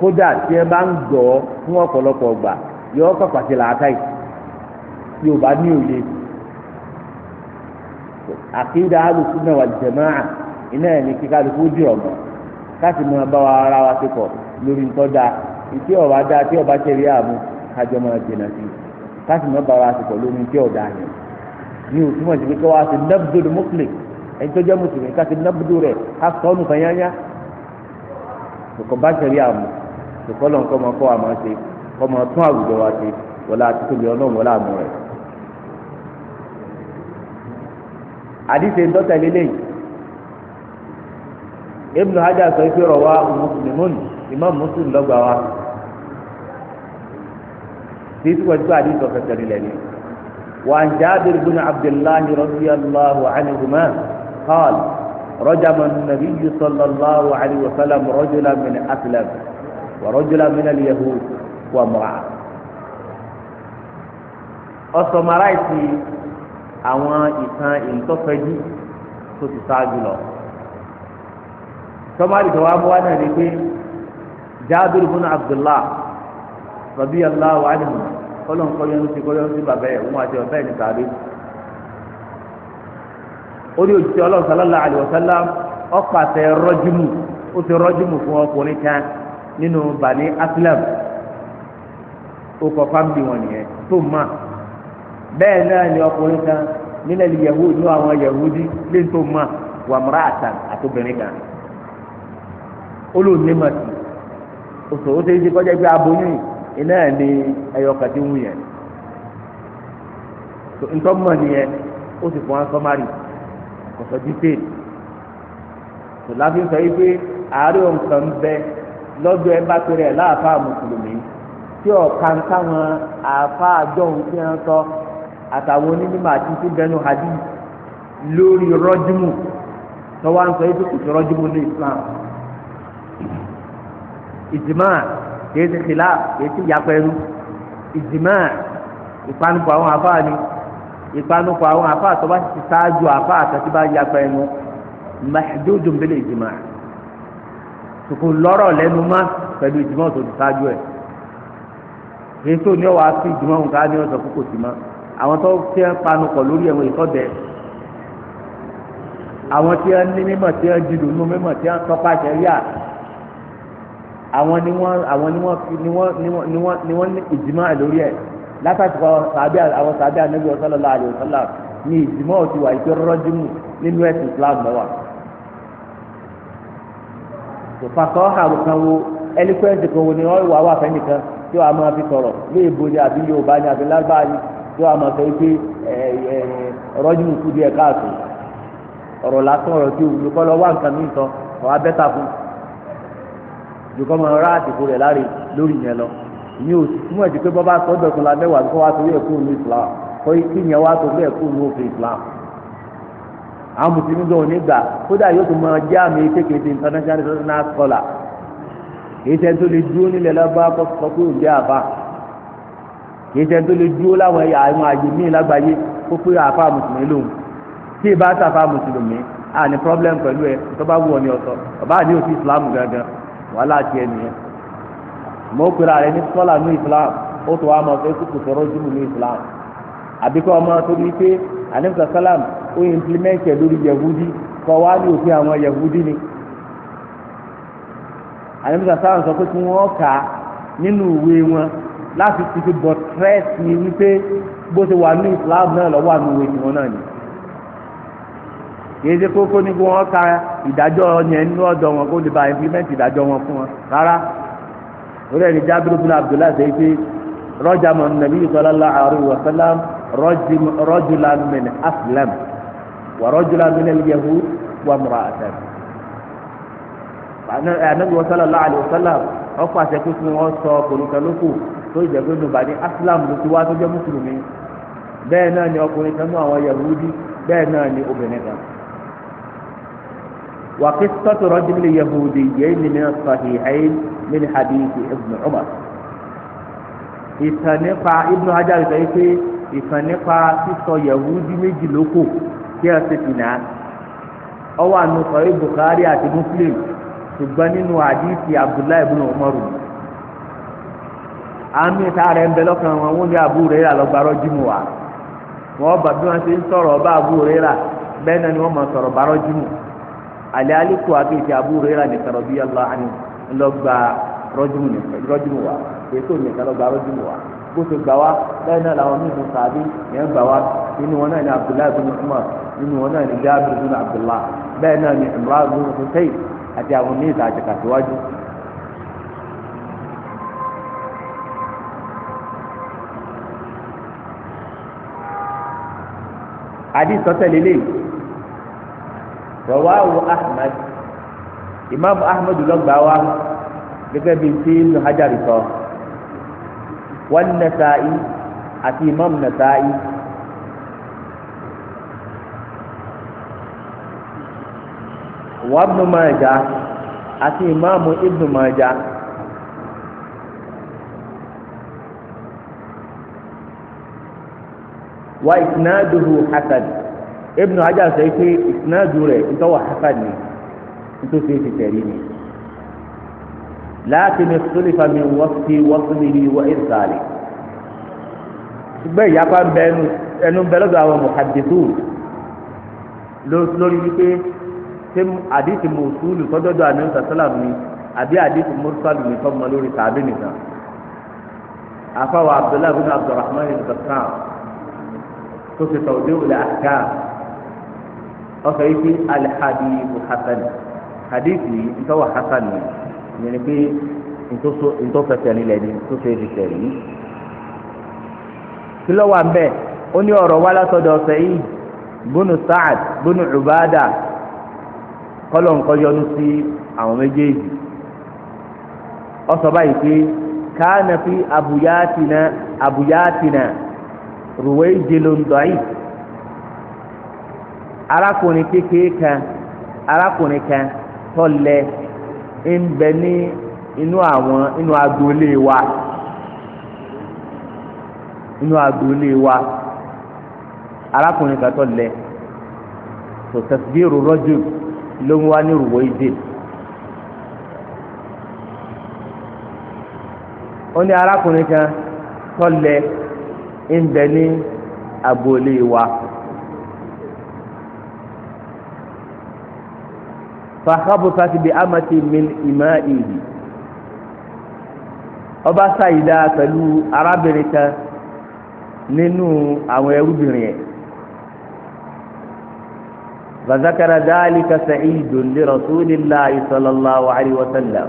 kódà tí ẹ bá ń gbọ́ fún ọ̀pọ̀lọpọ̀ àkídà alùsùnà wà jẹmáà iná ẹni kíkà lóko dì ọmọ káàtì máa bá wa ara wa ti kọ lórí nǹkan da ìtí ọba da tí ọba tẹ̀lé àmú kájọ máa jìnà sí i káàtì máa bá wa ti kọ lórí nǹkan ọ̀dà yẹn ní o túmọ̀ sí pé káwá ti nabdu lmukli ẹni tó jẹ́ mùsùlùmí káàtì nabdu rẹ̀ á sọ ọ́nù fanyanya kòkò bá tẹ̀lé àmú kòkò lọ́nkọ́ máa kọ́ àmọ́ ṣe kọ́ máa tún àwùjọ wa ṣe wọlé àtikó àdìsẹ dọtẹlẹ lẹ́yìn Ibn Hajar sọ pé rọwà mùsùlùmún Imam Muslim lọgbà wa tí tí wọn ti kọ àdìsẹ ọfẹsẹlẹ lẹ́yìn وعن جابر بن عبد الله رضي الله عنهما قال رجم النبي صلى الله عليه وسلم رجلا من أسلم ورجلا من اليهود وامرأة أصمرأتي àwọn ìtàn ìtọ́fẹ́jú tó ti ṣáájú lọ. sọ́mọ́lì tó wá bọ́ wá náà ni pé jábìrì fún abdullah rabi allah wa ni kọlọ́n kọlọ́n ti kọlọ́n ti bàbá ẹ̀ wọ́n àti ọ̀bá ẹ̀ ní sáré. ó ní òjijì ọlọ́run sallallahu alaihi wasallam ó pàṣẹ rọ́jùmù ó ti rọ́jùmù fún ọkùnrin kan nínú bani aslam ó kọ fámìlì wọn nìyẹn tó máa bẹ́ẹ̀ náà ni ọkùnrin kan nílẹ̀ ní yahudi ní àwọn yahudi lè tó mọ̀ wà múra àtàn àtòbìnrin kan olùnímọ̀ sí oṣù ó ṣeé ṣe kọjá pé aboyún iná ẹ̀ ní ẹyọ kàtí wù yẹn ntọ́mọ̀ nìyẹn ó sì fún wọn sọ́márì kò sọ dípèlì tó láfi sọ yìí pé àárẹ̀ nǹkan bẹ lọ́dọ̀ ẹ bá pèrè ẹ̀ láàfáà mùsùlùmí tí ọ̀kan táwọn àáfáà jọ̀hún fi hàn sọ. So, àtàwọn onímọ̀ àti tí bẹnu hadi lórí rọ́júmù tó wá ń sọ ètò kùtù rọ́júmù ní islam ìjìmọ̀ kìí ti kìlá kìí ti yàpẹ̀ ẹnu ìjìmọ̀ ìpanupọ̀ àwọn àfáà ni ìpanupọ̀ àwọn àfáà tó bá ti ṣáájú àfáà àtàtì bá yàpẹ̀ ẹnu mahdudun bil ijma kò lọ́rọ̀ lẹ́nu mọ́ pẹ̀lú ìjìmọ̀ tó ti ṣáájú ẹ̀ èso ni ó wàá fi ìjìmọ̀ nǹkan ní ọ̀sán kókò sí mọ́ àwọn tó fẹ́ panupọ̀ lórí ẹ̀wọ̀n ìtọ́jẹ́ àwọn tí wọ́n ní mímọ̀ tí wọ́n jìnnà nù mímọ̀ tí wọ́n tọ́pá ṣẹ̀ríà àwọn ni wọ́n àwọn ni wọ́n ni wọ́n ni wọ́n ni wọ́n ni wọ́n ní ìdìmọ̀ lórí ẹ̀ látàkùn sàbíà àwọn sàbíà níbi sallallahu alaihi wasallam ní ìdìmọ̀ ti wà ìpè rọ́jùmù nínú ẹ̀sìn Islam lọ́wọ́ tòfàkọ́ àrùkan wo eloquence kan wo ni wọ́n wà wà fẹ́ nìkan tí wọ́n á máa fi sọ̀rọ̀ léèbó ni àbí tí wàá máa sọ pé ọ̀rọ̀ jù kú díẹ̀ káàtó ọ̀rọ̀ lásán ọ̀rọ̀ tí òwúlò kọ́ lọ wá nǹkan mí sọ ọ̀ abẹ́ta fún jùkọ́ máa rá àtìkú rẹ̀ láre lórí yẹn lọ ìyẹn ò sì túmọ̀ sí pé bọ́ bá sọ dọ̀tun la mẹ́wàá kó wá torí ẹ̀kú òun Islam kó kí yẹn wá torí ẹ̀kú òun òfin Islam àwọn mùsùlùmí gan onígbà kódà yóò tún máa jẹ́ àmì kékeré international scholar èyí tẹ́ tó lè dúró nílẹ̀ lọ́ba kó sọ pé òun jẹ́ àbá kì í ṣe tó lè dúró láwọn ẹ̀yà àwọn àyè míì lágbàáyé kó pé àfa mùsùlùmí lòun tí ìbá sàfa mùsùlùmí à ní problem pẹ̀lú ẹ tó bá wù ọ ní ọ̀sọ̀ ọba àní òsì islam gangan wàhálà àti ẹnìyẹn mo pèrè àrẹ ní sọ́là ní islam ó tó wàá mọ̀ pé kò sọ̀rọ̀ jùmù ní islam àbíkọ́ ọmọ tó ní pé ànífẹ́ sálàm ó implement ẹ̀ lórí yahudi kọ́ wá ní òfin àwọn yahudi ni ànífẹ́ sálàm sọ pé kí wọ́n kà nínú ìwé wọn láti ti fi bọ̀ tírẹ́sì ni wípé bó ṣe wà ní Islam náà lọ́wọ́ àmì ìwé tiwọn náà ni kì í kókó ní kí ka ìdájọ́ yẹn ní ọ̀dọ̀ wọn kó lè ba implement ìdájọ́ wọn fún wọn rárá orí ẹni Jábírù bin Abdullahi ṣe pé rọ́jà mọ̀ nàbí sallallahu alaihi wa sallam rọ́jùlá min Aslam wà rọ́jùlá min al-Yahud wà mura'atan ànábì sallallahu alaihi wa sallam ọkọ̀ àṣẹ kó fún wọn sọ tó jẹ́ pé nùbà ní asilamu ló ti wá tó jẹ́ mùsùlùmí bẹ́ẹ̀ náà ni ọkùnrin kan náà àwọn yahudi bẹ́ẹ̀ náà ni obìnrin kan. wàkí sọ́tò rọ́jìmìlì yahudi yéé ni mi sọ̀hì ẹ̀yìn mi ni hadithi ibnu umar. ìtàn nípa ibnu hajar sọ pé ìtàn nípa sísọ yahudi méjì lóko kí ẹ ṣe fìnnà ọwọ́ àná sọ̀rọ̀ bukhari àti muslim ṣùgbọ́n nínú hadithi abdullahi ibnu umar rẹ̀ àmì ìta rẹ̀ ń bẹ lọ́kàn wọn wọ́n ní Abu Huraira lọ́gbàrọ́ jìmù wa wọ́n bá bí wọ́n ṣe ń sọ̀rọ̀ ọba Abu Huraira bẹ́ẹ̀ náà ni wọ́n mọ̀ sọ̀rọ̀ bàrọ́ jìmù àlẹ́ alikó akéèké Abu Huraira ní sọ̀rọ̀ bí yàrá àni lọ́gbà rọ́jìmù wa ètò ìmẹ̀ta lọ́gbà rọ́jìmù wa bó ṣe gbà wá bẹ́ẹ̀ náà làwọn mímu sàbí yẹn gbà wá nínú wọn náà ni Abdullahi bin Umar nínú wọn náà ni Jabir bin Abdullah bẹ́ẹ̀ náà ni Imran bin Hussein àti àwọn míì hadith tọ́tẹ̀lé lè rawahu ahmed imaamu ahmed lọ́gbà wa gẹ́gẹ́ bíi ti ibnu hajar sọ wọ́n nasa'i àti imaamu nasa'i. wàbnu maja àti imaamu ibnu maja. wa ìsìnàdùhù hasan ibnu hajar sọ pé ìsìnàdù rẹ̀ ìtọ́wọ̀ hasan ni nítorí ti tẹ̀rí ni láàkín ìsúlìfà mi wọ́sí wọ́sílìhì wọ́ ìsàlẹ̀ ṣùgbọ́n ìyapa ń bẹ ẹnu bẹ lọ́dọ̀ àwọn muhaddisu lórí wípé ṣé àdìsí mùsùlù tọ́jọ́dọ̀ àníyàn sàtọ́làm ni àbí àdìsí mùsùlù nìkan mọ lórí tàbí nìkan afáwọ̀ abdullahi bin abdulrahman ibn sàtàn tó fi tọ̀dé òlà àká ọkọ̀ yìí pé alihadibu hasan hadithi yìí ntọ́wọ̀ hasan ni ìyẹn ni pé ntọ́fẹsẹ̀ nílẹ̀ ni tó fẹ́ fi tẹ̀lé kí ló wà ń bẹ̀ ó ní ọ̀rọ̀ wá látọ̀dọ̀ Sa'id bùnú Sa'ad bùnú Ubada kọ́lọ̀ nǹkan yọnu sí àwọn méjèèjì ó báyìí pé káànà fi àbúyá tìǹà rùwé jelondọ́yì arákùnrin kékeré kan arákùnrin kan tọ́lẹ̀ ń bẹ ní inú àwọn inú agboolé wa inú agboolé wa arákùnrin kan tọ́lẹ̀ tó tẹ̀síbírù rọ́jò ló ń wá ní rùwé jẹ. ó ní arákùnrin kan ń bẹ ní agboolé wa. fàkàbùsà ti bi amati min ìmọ̀ ìlì ọba ṣàyídá pẹ̀lú arábìnrin kan nínú àwọn ẹrúbìnrin yẹn. فذكر ذلك سعيد لرسول الله صلى الله عليه وسلم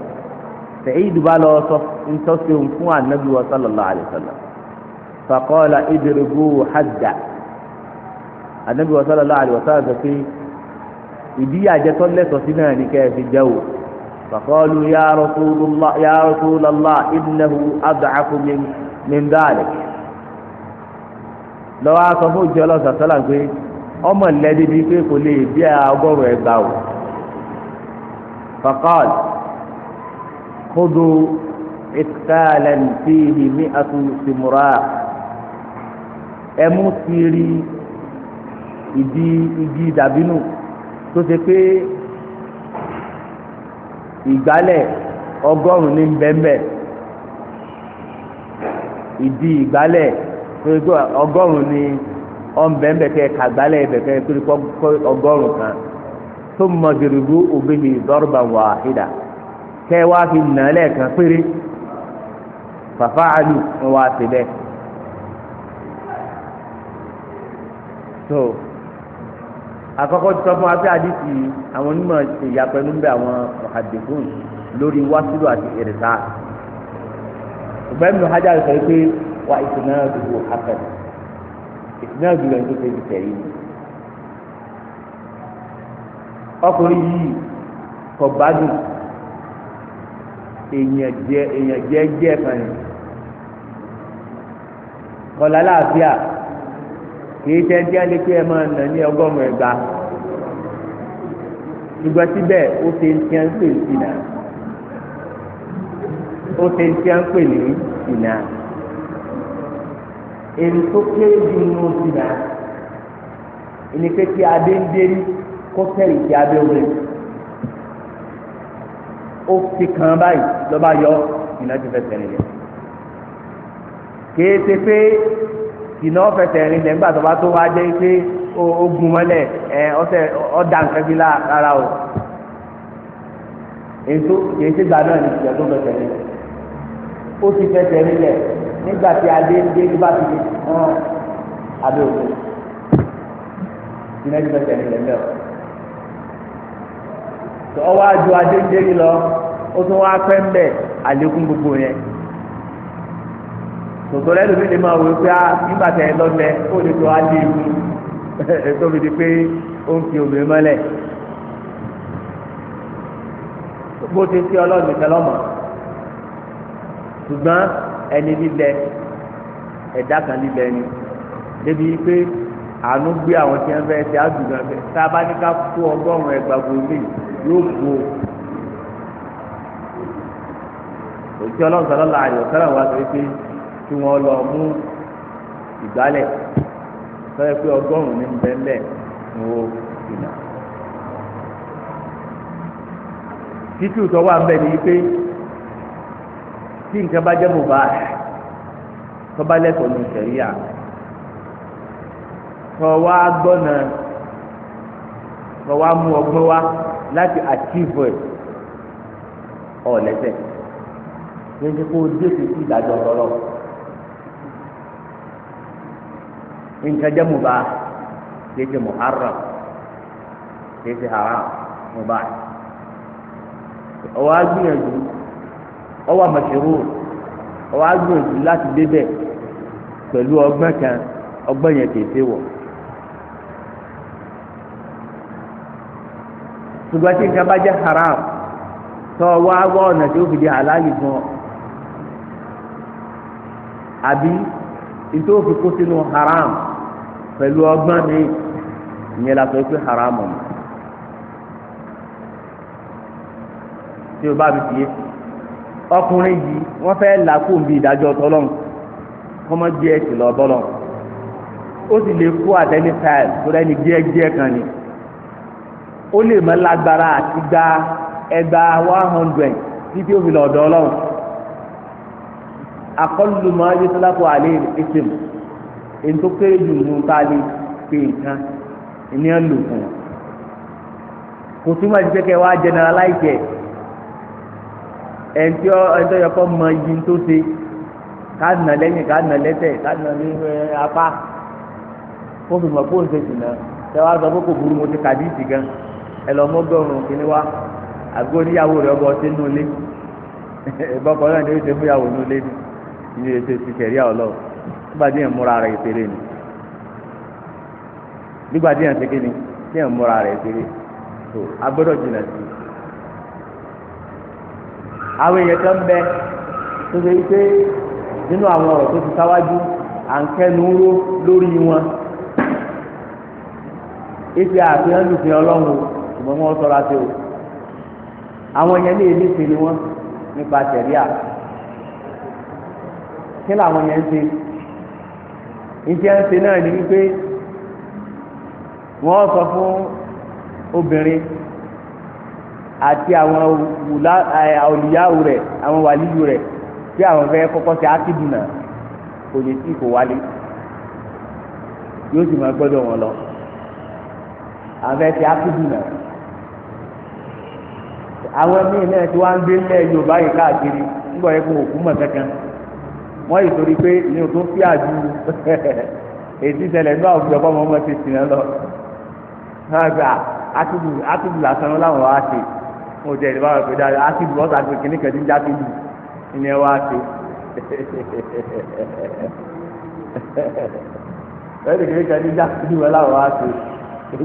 سعيد بالوصف انتصر فوع النبي صلى الله عليه وسلم fàkọ́ọ̀lá ìdìrúgbù hajjá anabi wa sallallahu alayhi wa sallam sọ pé ìdíyàjẹ tó lẹ́tọ̀ọ́ sí náà ní kẹ́ẹ̀fì jẹ́ o fàkọ́ọ̀lù ya rasulullah ya rasulullah innahu ad'afu min dhalik lọ́wọ́ aṣọ fún ìjọ ọlọ́sà sọ́là pé ọmọ lẹ́dí bíi pé kò lè bí ọgọ́rùn-ún ẹgbà o fàkọ́ọ̀lù kódó ìtàlẹ̀ ní fíìmì ní àtúntì múra ẹmú ti rí ìdí igi dàbínú tó ṣe pé ìgbálẹ̀ ọgọ́rùn-ún ní bẹ́ẹ̀nbẹ́ẹ̀ ìdí ìgbálẹ̀ ọgọ́rùn-ún ní ọ̀nbẹ́ẹ̀nbẹ́ẹ̀ kẹ́ kàgbálẹ̀ ẹ̀bẹ̀ kẹ́ pé kọ́ ọgọ́rùn-ún kan tó mọ gèrègbó òbẹ́ni dọ́rọ̀bà wàhídà kẹ́ wá fi nà lẹ́ẹ̀kan péré fàfáàlù wọn wá tó àkọ́kọ́ sọ fún wa pé àdìsí àwọn onímọ̀ ìyàpẹ̀ ló ń bẹ àwọn àdìkún lórí wásílù àti ìrìsà ìgbẹ́nu hajj sọ pé wa ìsìnà dùdú àpẹẹrẹ ìsìnà dùdú ẹni tó ṣe ti tẹ̀lé ni ọkùnrin yìí kò gbádùn èèyàn jẹ èèyàn jẹ jẹ kan kọlá láàfíà kìí ṣe ẹdí alẹ́ pé ẹ máa nà ní ọgọ́rùn-ún ẹgbàá ṣùgbọ́n síbẹ̀ ó ṣe ń tiẹ́ ń pè sí nà ó ṣe ń tiẹ́ ń pè ní ìnà èrè tó kéré ju inú sí nà ìní pé kí adé ń dé kó tẹ̀lé kí adé wọlé ó ti kàn báyìí lọ́ba yọ ìnà ti fẹsẹ̀ rẹ̀ kìí ṣe pé iná fẹsẹ̀ rìn lẹ̀ nígbà tó bá tó wá jẹ́ pé ó gun mọ́lẹ̀ ẹ ọ̀dà nǹkan bí lára o èso kìí ṣe gbà náà ní ìjọ tó fẹsẹ̀ rìn ó ti fẹsẹ̀ rìn lẹ̀ nígbà tí adé dé ní bá ti di hàn abẹ́ òkú iná ti fẹsẹ̀ rìn lẹ̀ mẹ́ o tọ́ wá adé dé ní lọ ó tún wá pẹ́ ń bẹ̀ àlékún gbogbo yẹn tòtò rẹ lómi lè máa wò pé ah, nígbà tẹ ẹ lọ́lẹ̀ ó lè (laughs) tó alé ìlú tóbi di pé ó ń fi òmìnir mọ́lẹ̀ bó ti ti ọlọ́run nìkan lọ́mọ ṣùgbọ́n ẹni lílẹ̀ ẹ̀dá kan lílẹ̀ ni débi pé àánú gbé àwọn tí wọn fẹ́ ṣe àdùnnà fẹ́ tá a bá ní ká kó ọgọ́rùn-ún ẹgbàgbọ́ ilé yóò kó òtí ọlọ́run sọlọ́lá àyọ̀ sọ́lá wa sọ pé kí wọ́n lọ mú ìgbálẹ̀ sọ́yẹ́ pé ọgọ́rùn-ún ní bẹ́ńbẹ́ ní o ìnà. títí ìtọ́ wà bẹ́ẹ̀ ni pé tí nǹkan bá jẹ́ mobile tọ́ba lẹ́kọ̀ọ́ ní ìṣẹ̀ríyà tọ́ wá gbọ́nà tọ́ wá mú láti achieve it ọ̀ lẹ́sẹ̀ ní ti kó sí ìdájọ́ ọlọ́run. nǹkan jẹ́ mùbá kìí ṣe muharram kìí ṣe haram mùbá ọwọ́ agbìyànjú ọwọ́ àmọ̀ṣẹ́rù ọwọ́ agbìyànjú láti débẹ̀ pẹ̀lú ọgbọ́n kan ọgbọ́n yẹn kìí ṣe wọ̀. ṣùgbọ́n tí nǹkan bá jẹ́ haram tó wá wá ọ̀nà tí ó fi di àlàyé fún àbí nítorí ó fi kó sínú haram pẹ̀lú ọgbọ́n mi ìyẹn la sọ pé haramu ni tí o bá mi fi yé ọkùnrin yìí wọ́n fẹ́ làákù bí ìdájọ́ tọ́lọ́n kọ́mọ díẹ̀ sì lọ bọ́lọ̀ ó sì lè kó àtẹni táìlì tó rẹ́ni díẹ̀díẹ̀ kan ni ó lè mọ lágbára àti gba ẹgbàá one hundred títí ó fi lọ ọ̀dọ̀ ọlọ́run akọ́lùmọ́ ayélujára kò àlè ìsìnkú èyí tó kéré jù ní ta lè pe nǹkan ní ẹ̀ lò fún un kò túmọ̀ sí pé kẹ́ wá generalize ẹ̀ ẹ̀ntì ọ̀ẹ́dọ́ yẹ kọ́ mọ ibi tó ṣe ká nà lẹ́yìn ká nà lẹ́tẹ̀ ká nà ní apá kó fi mọ̀ kóun ṣe sìnà ṣé wàá sọ pé kò burú mo ti kàdí ìsì gan ẹ kìíní wá àgbo níyàwó rẹ̀ ọgbọ́n ṣe nù lé ìbọ̀kọ̀ náà ni ó ṣe fúyàwó nù lé ni ìyẹn ṣe nígbà tí yẹn múra rẹ̀ ìṣeré ni nígbà tí yẹn ṣe kíni yẹn múra rẹ̀ ìṣeré tó agbọ́dọ̀ jìnnà sí àwọn èèyàn kan bẹ tó ṣe wípé nínú àwọn ọ̀rọ̀ tó ti sáwájú à ń kẹnu ró lórí wọn àfihàn o àwọn èèyàn ní èlé ni nípa tẹ̀lé à ìdí à ń ṣe náà ni wípé wọ́n sọ fún obìnrin àti àwọn olùyàwó rẹ̀ àwọn wàlíyù rẹ̀ tí àwọn fẹ́ kọ́kọ́ ṣe ákídùnà kò lè tí kò wálé yóò sì máa gbọ́dọ̀ wọn lọ àwọn fẹ́ ṣe ákídùnà àwọn míì náà tí wọ́n ń gbé ńlẹ̀ Yorùbá yìí káàkiri nígbà yẹn kó òkú mọ̀ kankan. wọ́n yìí torí pé ní o tó fi àjù èdè ìṣẹ̀lẹ̀ ní àwùjọ kọ́ ọmọ ọmọ ti sìn ẹ́ lọ. átìlù átìlù làtàn láwọn wá ṣe mo jẹ ìdí báwọn ìpèdà átìlù ọ̀sà pé kìnnì ìyẹn wá ṣe. (laughs) láwọn wá ṣe èdè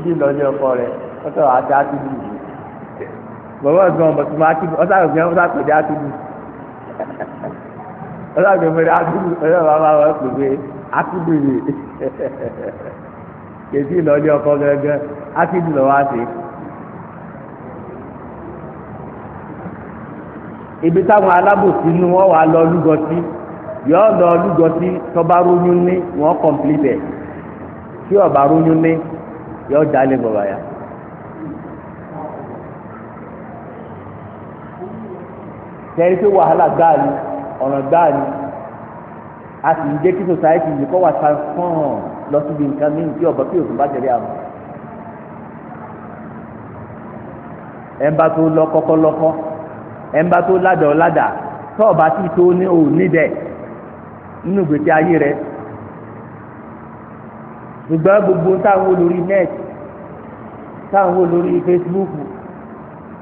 ọkọ wọ́n àti yìí. bọ̀wọ́ gan-an bọ̀tùmọ̀ ọ̀sà ọlọ́run mẹ́rin atúbù ọlọ́run bàbá wa pè pé atúbù yìí kèsì ìlọlé ọkọ gẹ́gẹ́ atúbù lọ wá sí. ibi táwọn alábòsí inú wọn wà lọ lúgọtí yọọ lọ lúgọtí tọba ronyún ní wọn kọmplítẹ tí ọba ronyún ní yọọ jalè bàbá yà. tẹ̀rí pé wàhálà gbáà ni ọ̀ràn gbáà ni a sì ń jẹ́ kí society yìí kọ́ wà transform lọ síbi nǹkan míì tí ọ̀bọ tí òsùn bá tẹ̀lé àwọn. ẹnba tó lọ kọ́kọ́ lọ́kọ́ ẹnba tó ládàá ọ̀ládàá tọ́ọ̀bá tí tó ní òun nídẹ̀ nínú ìgbésí ayé rẹ̀ ṣùgbọ́n gbogbo táwọn olórí net táwọn olórí Facebook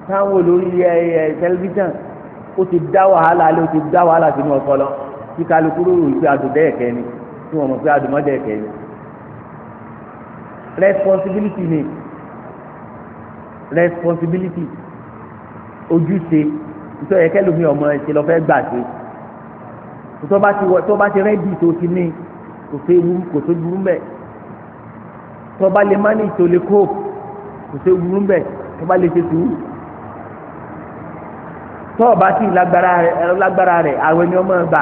táwọn olórí eh, eh, tẹlifíṣàn ó ti dá wàhálà alẹ́ ó ti dá wàhálà sínú ọpọlọ kí kálukú rò wípé adùn dẹ́ẹ̀kẹ́ ni tí wọ́n mọ̀ pé adùn mọ́ dẹ́ẹ̀kẹ́ ni responsibility ni responsibility ojúṣe ìtọ́ yẹ kẹlòmí ọmọ ẹ̀ṣẹ̀ lọ́fẹ́ gbà ṣe tó bá ti tó bá rẹ́dì tó ti ní kò sí ewu kò sí burú mbẹ tó bá lè má ní ìtòlè kó kò sí ewu mbẹ tó bá lè ṣe sùúrù tó o bá ti lágbára rẹ̀ àwẹ̀ ni ọmọ gbà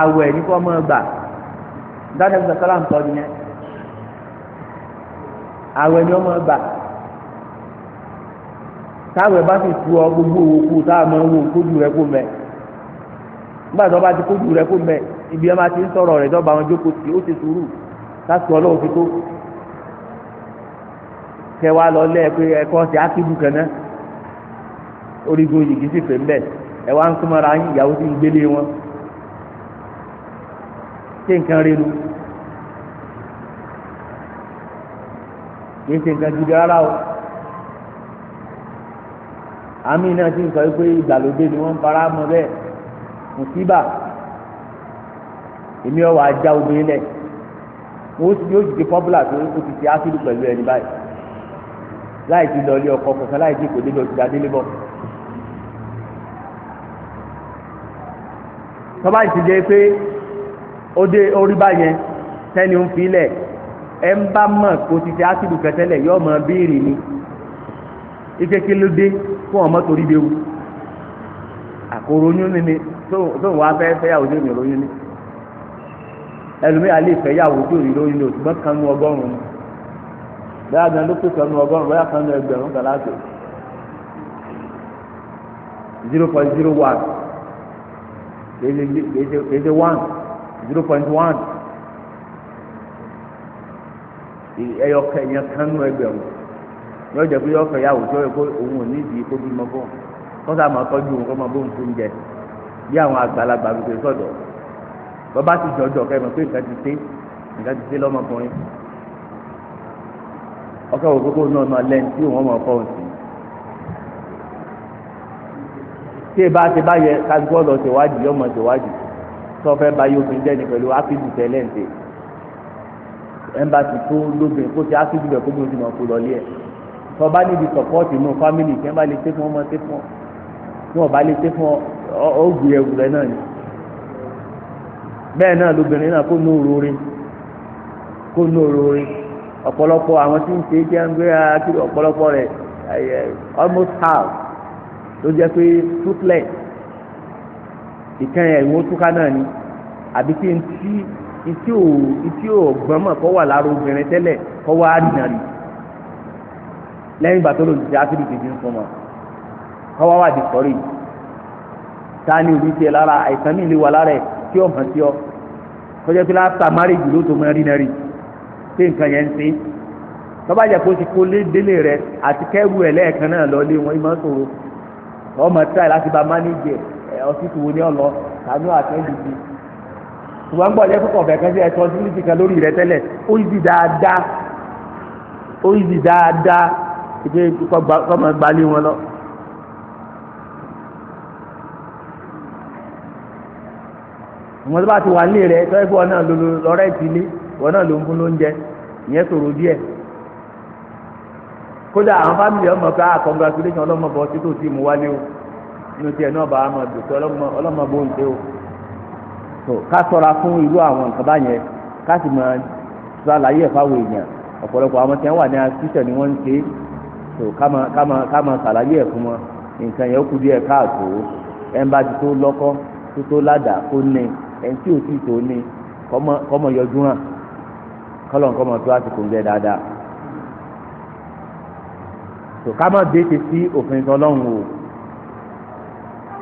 àwẹ̀ ní kó ọmọ gbà dáadáa bí sọ́kọ́lá ń tọ́ ni yẹn àwẹ̀ ni ọmọ gbà táwẹ̀ bá sì tu ọ gbogbo owó kú tá a mọ owó kójú rẹ kó mẹ nígbà tó bá ti kójú rẹ kó mẹ ibi ẹ máa ti ń sọ̀rọ̀ rẹ̀ dọ́ba àwọn jókòó tí ó ti sùúrù láti ọlọ́run fi tó kẹwàá lọ lẹ́ẹ̀ pé ẹ̀kọ́ ti á kíbu kẹ́nẹ́ orígun yìí sì fẹ́ mbẹ́ ẹ wá ń súnmọ́ra yín ìyàwó sì ń gbélé wọn ṣé nǹkan rí nu kìí ṣe nǹkan gidi rárá o àmì náà ti ń sọ pé ìgbàlódé ni wọ́n ń fara mọ́ bẹ́ẹ̀ mùsíbà èmi ọ̀wọ́ ajá obìnrin lẹ̀ wọ́n sì yóò dìde pọ́bùlà tó o ti ṣe áfíìlì pẹ̀lú ẹni báyìí láì ti lọ ilé ọkọ kọ̀ọ̀kan láì ti kò dé lọ sí adélébọ̀. tọ́ba ti jẹ́ pé ó dé orí báyẹn tẹ́ni ń filẹ̀ ẹ̀ ń bá mọ̀ kó ti ṣe ásìdù kẹtẹ́lẹ̀ ni ike ló dé fún ọmọ torí bewu àkòròyún ni ni tó wàá fẹ́ fẹ́yàwó tó ní ìròyìn ni ẹlòmíyà lè tó ni kan nu ọgọ́rùn-ún bẹ́ẹ̀ gan ló pè kan nu kèéṣe one zero point one ẹyọ kẹyìn kánú ẹgbẹ̀rún yóò jẹ pé yọ fẹ yàwó tí ó yẹ kó òun ò ní ìdí kó bímọ fún un kọ́sà máa tọ́jú òun kó máa bóun fún jẹ bí àwọn àgbàlagbà gbogbo sọ̀dọ̀ bàbá ti jọjọ kẹ́mi pé nǹkan ti dé nǹkan ti dé lọ́mọkùnrin ọkọ̀ òkókó náà máa lẹ́yìn tí òun ọmọ ọkọ̀ òun tí ì bá ti bá yẹ kásìkò lọ ṣèwádìí yọmọ ṣèwádìí tó fẹ́ bá yóò fi jẹ́ ni pẹ̀lú ákídù tẹ́lẹ̀ ń tè ẹ̀ńbàtì tó lóbìn kó ti ákídù rẹ̀ kó bí o ti mọ̀ kó lọ lé ẹ̀ tó bá níbi sọ̀pọ́ọ̀tì inú fámìlì kí wọ́n bá lè ṣe fún ọmọ ṣe fún ọ tí wọ́n bá lè ṣe fún ọ ó gbé ẹrù rẹ náà ni bẹ́ẹ̀ náà lóbìnrin náà kó ní òróore kó ní òróore ọ̀pọ̀lọpọ̀ àwọn tí ń ṣe jẹ́ ń gbé ọ̀pọ̀lọpọ̀ rẹ̀ almost half ló jẹ́ pé tútlẹ̀ ìkẹyìn ẹ̀wọ̀n túká náà ni àbí kí n tí ìtí ò ìtí ò gbọ́n mọ̀ kọ́ wà lára obìnrin tẹ́lẹ̀ kọ́ wà á nà rí lẹ́yìn ìgbà tó lò jẹ́ àti ìdí ti ń fọmọ kọ́ wá wà di sọ́rí ta ni òbí tiẹ̀ lára àìsàn mi lè wà lára ẹ̀ tí ó hàn sí ọ kọjá pé láta márìjì ló tó mọ rí náà rí pé nǹkan yẹn ń ṣe tọ́bàjà kó ti kó lé délé rẹ àti kẹ́rù ẹ̀ lẹ́ẹ̀kan náà lọ lé wọn ìmọ̀ sòro wọ́n mọ̀ tíráì láti bá mánéjì ẹ̀ ọ̀sítù wo ni ọ̀ lọ kànú àtẹ́lùbí ṣùgbọ́n gbọ́dọ̀ ẹ̀kọ́ kọ̀ọ̀fẹ́ kan sí ẹ̀tọ́ sílíìtì kan lórí rẹ tẹ́lẹ̀ ó yìí dáadáa ó yìí dáadáa ìpè kọ́mọ gbalé wọn lọ. ìmọ̀ tó bá ti wà nílé rẹ tọ́ ẹ̀fọ́ náà lọ́rẹ́ ìtìlé wọn náà ló ń fún lóúnjẹ ìyẹn ṣòro díẹ̀ kódà àwọn fámìlì ọmọ ká ah, congratulation ọlọ́mọ bọ̀ títò tí mo wálé o inú tiẹ̀ náà bàá mọ̀ dùn sí ọlọ́mọ ń tẹ́ o tó ká sọra fún irú àwọn nǹkan báyẹn ká sì mọ ṣàlàyé ẹ̀ fáwọn èèyàn ọ̀pọ̀lọpọ̀ àwọn tí wọ́n wà ní ni wọ́n ń ṣe tó ká ẹ̀ fún wọn nǹkan yẹn ó kú díẹ̀ káàtó ẹnba ti tó lọ́kọ́ tó tó kó ní tí ò sì tó ní tó ká má si sí òfin tọlọ́run o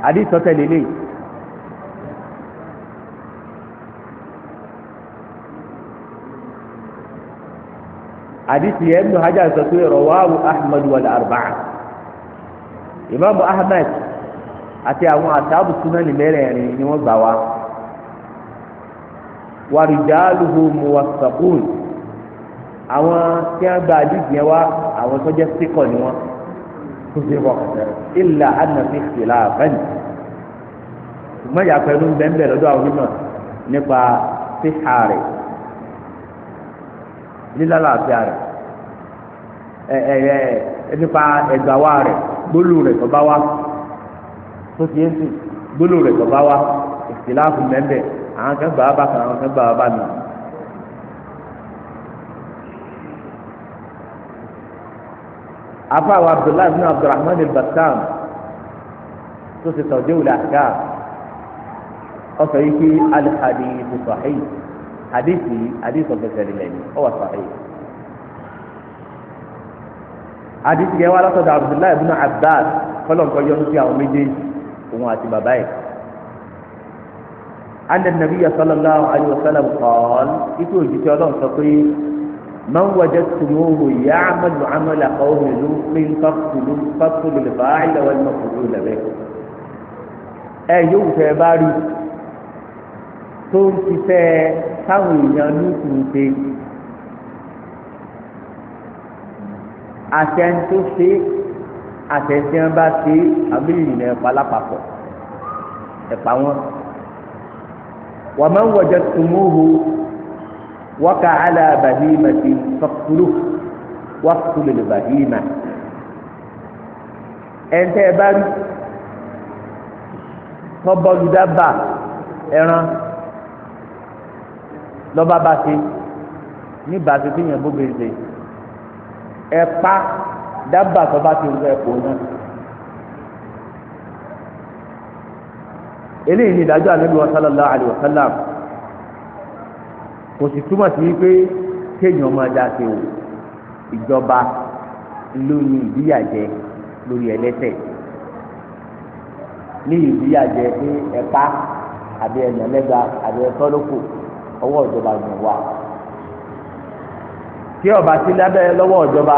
àdìsọ tẹ̀lé lè. àdìsí yẹn nù hajj sọ pé rọwáwù ahmed wàlẹ arba'a imaamu ahmed àti àwọn àtàbù mẹ́rẹ̀ẹ̀rin ni wọ́n gbà wá muwasakun àwọn tí wọ́n gba àdìsí àwọn tó jẹ́ síkọ̀ ni wọ́n tó fi wọ́n kọ̀tẹ́ ilà ànàfi ìlà àfẹ́ni ṣùgbọ́n ìyàpẹ́ ló ń bẹ́ẹ̀ lọ́dọ̀ àwọn onímọ̀ nípa síhà rẹ̀ lílálàáfíà rẹ̀ ẹ ẹ ẹ nípa ẹgbàwá rẹ̀ gbólù rẹ̀ tó bá tó ti ń sùn gbólù rẹ̀ tó bá wá ìsìláàfù mẹ́mbẹ̀ àwọn kan gbà á bá kan àwọn kan bá mi. afaawo abdullahi bin abdulrahman al-bassam tó ti sọ déwìlì àṣà ọsọ yìí kí alihadithi sahih hadithi hadithi ọ̀fẹ̀sẹ̀ rẹ̀ lẹ́yìn ọwọ́ sahih hadithi yẹn wà látọ̀dọ̀ abdullahi bin abbas kọ́lọ̀ yọnu sí àwọn méjèèjì òun àti bàbá yìí. أن النبي صلى الله عليه وسلم قال: "إتوا جيتوا لهم من وجدتموه يعمل عمل قوم لوط فاقتلوا فاقتلوا الفاعل والمفعول به ẹ yóò fẹ́ bá rí tó ń ṣiṣẹ́ táwọn èèyàn lùkù ń ṣe àtẹn tó ṣe àtẹ̀síọ́n bá ṣe àbí ìrìnà ẹ̀pà lápapọ̀ ẹ̀pà wọn wàmẹ́wọ̀jẹ̀ tùmúhù wọ́kà àlà bàhímà ti fọ́kúlù wọ́kúlù lè bàhímà ẹ̀ńtẹ́ ẹ bá rí tọ́bọ́lù dábà ẹran lọ́ba bá ti ní bàtí tí yẹn bó bèrè ẹ pa dábà tọ́ba ti rú ẹ̀kọ́ náà. eléyìí ni ìdájọ́ ànábì wa sallallahu alayhi wa sallam kò sì túmọ̀ sí pé kéèyàn máa dá sí o ìjọba ló ní ìdíyàjẹ lórí ẹlẹ́ṣẹ̀ ní ìdíyàjẹ pé ẹ̀pá àbí ẹ̀nà lẹ́gba àbí ẹ̀tọ́ ló kù ọwọ́ ìjọba yàn wá tí ọba sí lábẹ́ lọ́wọ́ ìjọba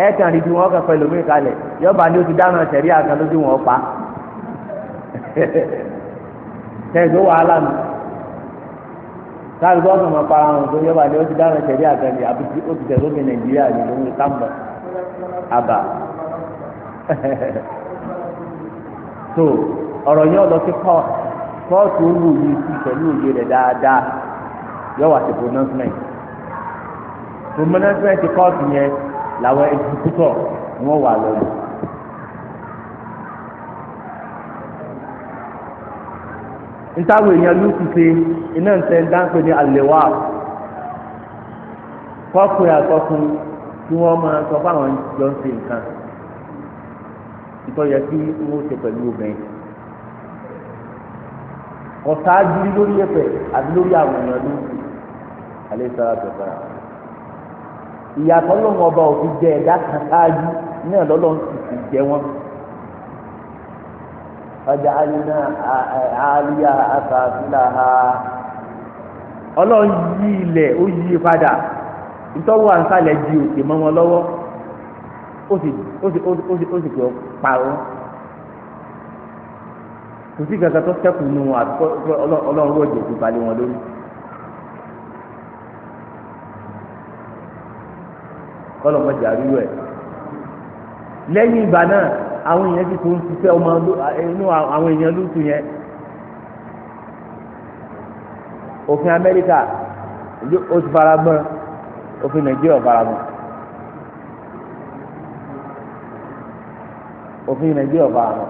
ẹ̀ẹ̀kan rí bí wọ́n kàn fẹ́ kalẹ̀ yọba ni ó ti dáná sẹ̀rí àkàndó tí wọ́n pa tẹ̀síwọ́ (laughs) wàhálà mi káàdì tó ọ̀sán máa para wọn tó yọba ni ó ti dáhùn ìṣẹ̀lẹ̀ àgbẹ̀dì àbùtí ó ti tẹ̀lé òfin nàìjíríà ní ìlú sámbà àbà tó (laughs) ọ̀rọ̀ yẹn lọ sí court court ó lù yìí sí pẹ̀lú òye rẹ̀ dáadáa yọwọ́ àti pronouncement pronouncement court yẹn làwọn executor ni wọ́n wà lọ́wọ́. ntáwọn èèyàn ló ti ṣe iná ntẹ dáńpẹ ní àlèwà kọkùnrin àtọkùn tí wọn máa sọ fáwọn jọ ń ṣe nǹkan ìtọ́jà tí wọ́n ṣe pẹ̀lú obìnrin ọ̀sáájú lórí ẹ̀fẹ̀ àti lórí àwọn èèyàn ló ń ṣe alẹ́ sára tọ̀sán ìyàtọ̀ lọ́wọ́ ọba òfin jẹ ẹ̀dá kan ṣáájú náà lọ́lọ́ ń sì jẹ wọ́n. ọjàlínà àlíyà a ọlọ́run yí ilẹ̀ o yí padà ìtọ́wọ́ àǹsàlẹ̀ di òkè mọ wọn lọ́wọ́ o sì ó sì ó sì ó sì pè ọ́ kò sí kankan tó sẹ́kù nù àtúkọ́ ìgbà náà. àwọn èèyàn ti tó ń ṣiṣẹ́ ọmọ inú àwọn èèyàn lùtù yẹn òfin amẹ́ríkà ó ti fara gbọ́n òfin nàìjíríà fara gbọ́n òfin nàìjíríà fara gbọ́n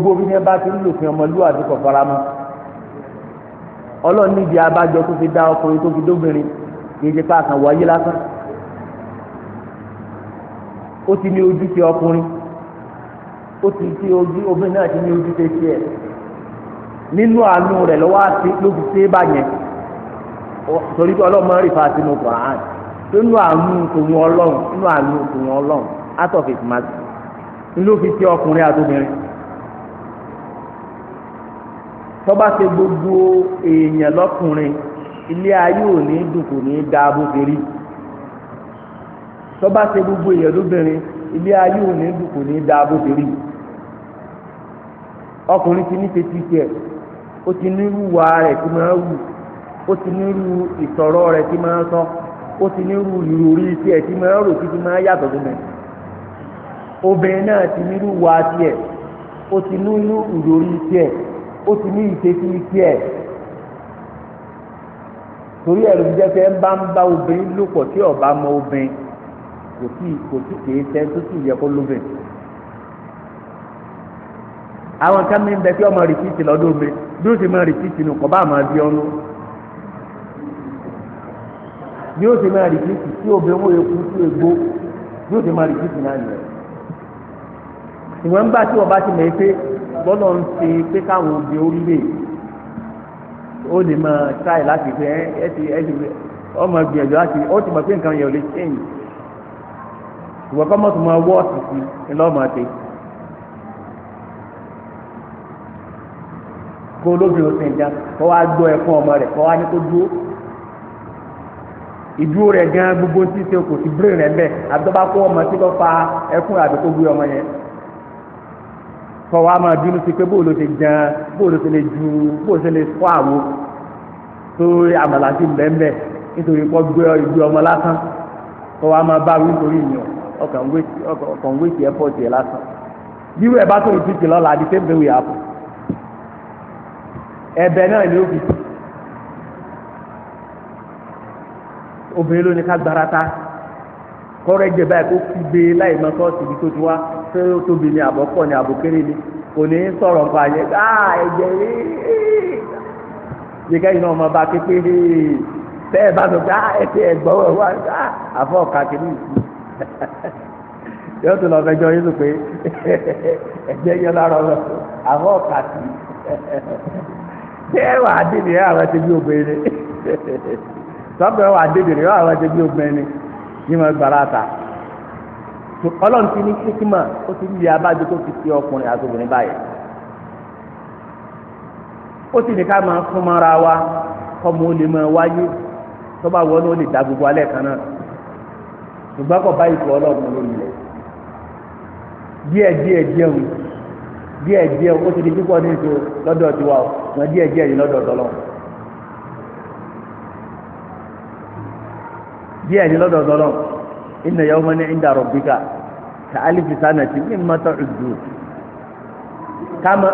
gbogbo bí yẹn bá ti ń lòfin ọmọlúwàbí kò fara mọ́ ọlọ́run níbi abájọ tó fi dá ọkùnrin tó fi dóbìnrin kì í ṣe pé àkànwọ́ ayé lásán ó ti ní ojúṣe ọkùnrin ó ti ti ojú obìnrin náà ti ní ojúṣe tiẹ̀ nínú àánú rẹ̀ lọ́wọ́ àti ló fi ṣe é bàyẹn torí pé ọlọ́run máa ń rí fàásì nù kàn nínú àánú tòun ọlọ́run nínú àánú tòun ọlọ́run out of his mouth ló fi ṣe ọkùnrin àtòmìnrin tọ́ba ṣe gbogbo èèyàn lọ́kùnrin ilé ayé ò dùn kò ní dáa bó ṣe rí tó bá ṣe gbogbo èèyàn lóbìnrin ilé ayé òní dùn kò ní í bó ṣe rí ọkùnrin ti ní tètè tiẹ̀ ó ti nírú wa o tí máa wù ó ti nírú ìsọ̀rọ̀ rẹ̀ tí máa sọ ó ti nírú ìròrí tiẹ̀ tí máa rò títí máa yàtọ̀ tó mẹ́ obìnrin náà ti nírú wa tiẹ̀ ó ti nírú ìròrí tiẹ̀ ó ti ní ìṣesí tiẹ̀ torí kò sí kò sí kèé sẹ́ tó sì yẹ kó lóbìn àwọn kan mi ń bẹ kí ọmọ rìsíìtì lọ́dún mi bí ó ti máa rìsíìtì nù kọ́ bá máa bí ọ́nú bí ó ti máa rìsíìtì tí obìnrin wo eku tí egbò bí ó ti máa rìsíìtì náà nìyẹn ìwọ̀n ń bá tí ọba ti mọ̀ pé bọ́lọ̀ ń ṣe pé káwọn obì orílẹ̀ ó lè máa ṣáì láti fi ẹ́ ẹ́ ti ẹ́ ti ọmọ gbìyànjú láti ó ti mọ̀ pé nǹkan yẹn ò lè change ìwọ kọ́ mọ̀ tó máa wọ́ ọ̀sìsì ńlọ́mọdé kó olóbìnrin ó sì ń já kó wá gbọ́ ẹ̀fọn ọmọ rẹ̀ kó wá ní kó dúró ìdúró rẹ̀ gan gbogbo tí ṣe kò sí bírè rẹ̀ ń bẹ̀ àbídọ́bá kó ọmọ tí kò fa ẹkún àbí kó gbé ọmọ yẹn kọ́ wa máa bínú sí pé bóòlù ti gan bóòlù ti lè ju bóòlù ti lè fọ́ àwo tó àmàlà ti bẹ́ẹ̀ bẹ́ẹ̀ nítorí kọ́ gbé ọmọ lásán kọ́ wa máa bá wí nítorí ìyàn ọkàn wéèkì airport yẹn lásán bí wẹ́ẹ̀ bá tó ìdíje lọ́la àti tẹ́lẹ̀ wíyà àpò ẹ̀bẹ̀ náà ni ó fi obìnrin ló ní ká gbára ta kọ́rẹ́ jẹ báyìí kó fi gbé láì mọ sọ́ọ̀sì ibi tó ti wá ṣé ó tóbi ni àbọ̀ pọ̀ ni àbọ̀ kéré ni kò ní sọ̀rọ̀ nǹkan àyẹ̀ áà ẹ̀jẹ̀ yìí kẹ́yìn náà ọmọ bá kékeré tẹ́ ẹ bá sọ pé ah, ẹ ti ẹ̀gbọ́n ẹ̀ wá ah, àfọ̀ kàkiri ìsú. (laughs) yóò tún lọ fẹjọ́ yín lù pé (laughs) ẹ̀jẹ̀ yọ lára àwọn (laughs) ṣé dìde àwọn obìnrin dìde àwọn obìnrin ní wọn gbàrà ta ọlọ́run ti ní kíkímà ó ti tó fi ti ọkùnrin báyìí ó sì ní ká máa fún mọ́ra wa kọ́mọ ó lè máa wáyé tó bá wọ́n ó gbogbo alẹ́ kan náà. ṣùgbọ́n kò bá ipò ọlọ́run lórí rẹ̀ díẹ̀ díẹ̀ díẹ̀ wù díẹ̀ díẹ̀ ó ti di púpọ̀ ní ètò lọ́dọ̀ tiwa o wọn díẹ̀ díẹ̀ yìí lọ́dọ̀ tọ́lọ́ díẹ̀ ní lọ́dọ̀ tọ́lọ́ inna yawman 'inda rabbika ka alifi sanati mimma ta'uddu kama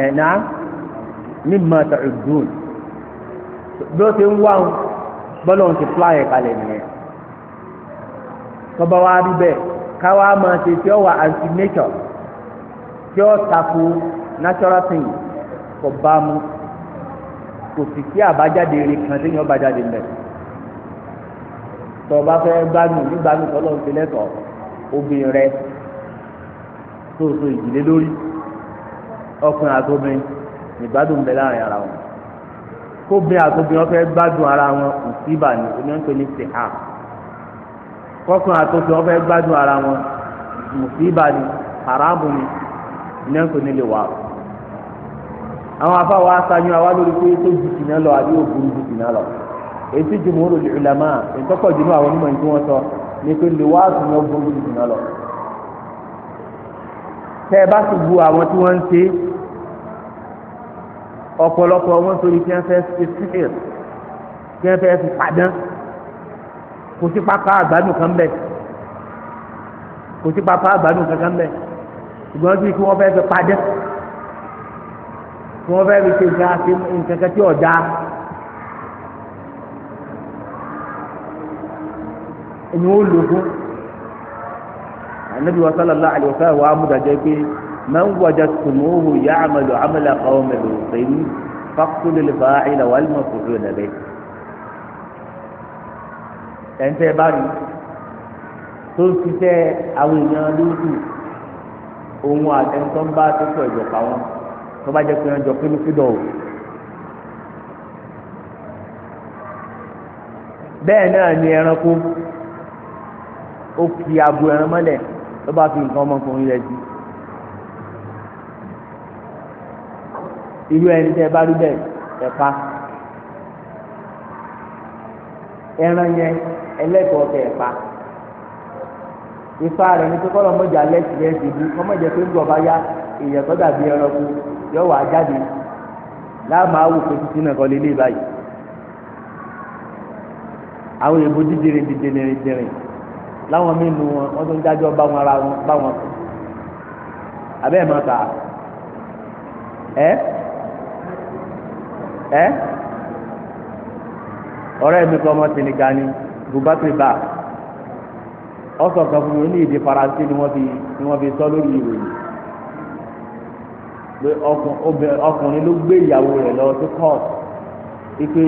ẹ̀ náà mimma ta'uddu bí ó ti ń wá bọ́lọ̀ ti fúláyẹ̀ kalẹ̀ nìyẹn tọba wa rí bẹ́ẹ̀ káwa máa ṣe tí ó wà anti nature tí ó tako natural thing kò bá mu kò sì sí àbájáde rẹ̀ kan tí yẹn bájáde mẹ tọba fẹ́ gbádùn nígbàdùn tọlọ ń fi lẹtọ obìnrin rẹ̀ tóso ìdílé lórí ọkùnrin àtòbìnrin ìgbádùn bẹ láàrin ara wọn kóbìnrin àtòbìnrin wọn fẹ́ gbádùn ara wọn ìsíbà ní oníyanpẹ ní sèhàn kọkùnrin àtòkè wọn fẹẹ gbádùn ara wọn mùsíbà ni haramu ni nẹ́ẹ̀kọ́ nílé wa àwọn afáwọ asanyu àwa lórí pé tó ju sìnà lọ àbí ògùn ju sìnà lọ èsì jùmọ̀rò ìlànà ìtọ́kọ̀ jùlọ àwọn onímọ̀ ìtú wọn sọ ní pé lè wá àtúnyẹ ògùn ju sìnà lọ tẹ ẹ bá sì bu àwọn tí wọ́n ń ṣe ọ̀pọ̀lọpọ̀ wọn torí kí wọ́n fẹ́ ṣe síhìr kí wọ́n fẹ́ fi padán kò sí pápá àgbàdo kan bẹ kò sí pápá àgbàdo kankan bẹ ṣùgbọ́n bí kí wọ́n fẹ́ fi padẹ́ kí wọ́n fẹ́ fi ṣe nǹkan nǹkan kan tí ò dáa. ẹni ó lò fún anabi wa sallallahu alayhi wa sallam wa amudajẹ pé man wàjà tùmùhù ya'malu amala qawmin lòsèlú faqtul fa'ila wal maf'ul bihi ẹ̀ńtẹ́ bá rí tó ń ṣiṣẹ́ àwọn èèyàn lóṣù òun àtẹnusọ́ ń bá tó pọ̀ ìjọba wọn tó bá jẹ́ pé wọ́n jọ pínú fídọ̀ o. bẹ́ẹ̀ náà ni ẹranko ó fi abo ẹran mọ́lẹ̀ ló bá fi nǹkan ọmọkùnrin rẹ̀ sí. irú ẹni tẹ́ bá rí bẹ́ẹ̀ ẹ̀ pa ẹran yẹn ẹlẹ́kọ̀ọ́ tẹ̀ pa ifá rẹ̀ ní kókó lọ́mọdé alẹ́ ti rẹ̀ ti bu ọmọdé pé ńgbọ̀ bá yá èèyàn dàbí ẹranko yọ wà jáde láàmú awò títí náà kọ́ lélẹ́ báyìí àwọn èèbó láwọn mímu wọn wọn tó ń bá wọn ara wọn bá wọn abẹ́ ẹ̀ bubakar bá ọsọ kan fún mi ní ni wọn fi ni wọn fi sọ lórí ìròyìn pé ọkùnrin ló gbé ìyàwó rẹ lọ sí court onye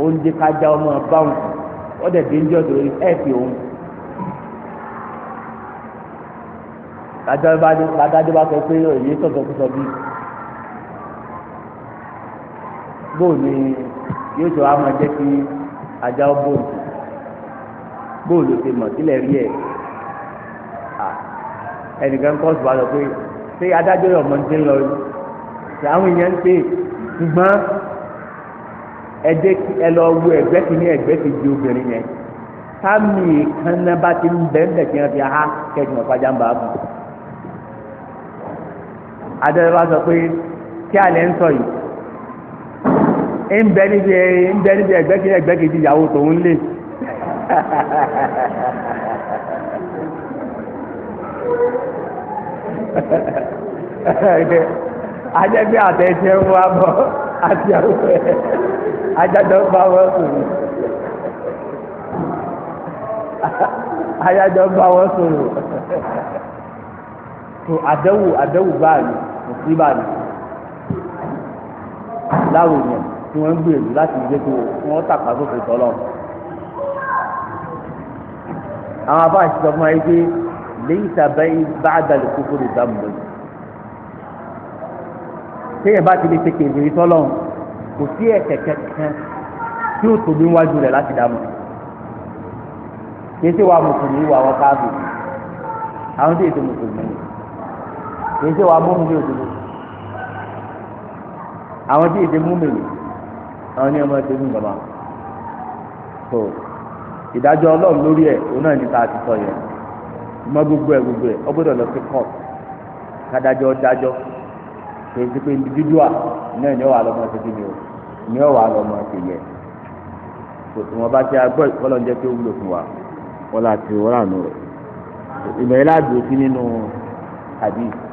oúnjẹ kájà ọmọ báwùnkù ó dẹ̀ dénjọ́ tó rí ẹ̀ fi òun. bá sọ pé sọ̀tọ̀ sọ yóò tó a máa jẹ́ bóòlù ti mọ̀ sílẹ̀ rí ẹ̀ ẹnìkan kọ́ sùpà lọ pé ṣé adájọ́ yọ̀ mọ́ ti ń lọ ṣe àwọn èèyàn ń pè ṣùgbọ́n ẹ jẹ́ kí ẹ lọ wo ẹgbẹ́ kìíní ẹgbẹ́ kejì obìnrin yẹn sáàmì kanna bá ti ń bẹ́ẹ̀ bẹ́ẹ̀ kí wọ́n fi há kẹ́kìn ọ̀pájà ń bá a bù. adájọ́ bá sọ pé kí alẹ́ ń sọ yìí ń bẹ níbi ẹgbẹ́ kìíní ẹgbẹ́ kejì ìyàwó tòun lè. (laughs) ajẹ́gbẹ́ àtẹ̀jẹ́ ń wá bọ̀ àti àwọn ajájọ́ ń bá wọn sùn ní. ajájọ́ ń bá wọn sùn tó àdẹ́wò àdẹ́wò báyìí kò sí báyìí láwùjọ tí wọ́n ń gbèrú láti jẹ́ kó wọ́n tàpá sófin tọ́lọ́mù. àwọn afọ àti sọ fún wa yìí pé lẹ́yìn sábẹ́ bá àdàlù kúkúrú dàmú téèyàn bá ti lè ṣe kèbèrè tọ́lọ́run kò sí ẹ̀kẹ́ kankan tí ó tóbi wájú rẹ̀ láti dàmú kì í ṣe wa mùsùlùmí wà wọn káàbì àwọn tí èso mùsùlùmí kì í ṣe wa mọ́mú bí òdodo àwọn tí èso mú mèlè àwọn ní ọmọ ẹgbẹ́ mú bàbá tó. So, ìdájọ́ ọlọ́run lórí ẹ̀ òun náà níta ti sọ yẹn mọ gbogbo ẹ̀ gbogbo ẹ̀ ọ gbọ́dọ̀ lọ sí court kádájọ́ dájọ́ kìí pé individual náà wà lọ́mọ ṣe o ni ó wà lọ́mọ yẹ kò tí wọ́n bá ti pé ó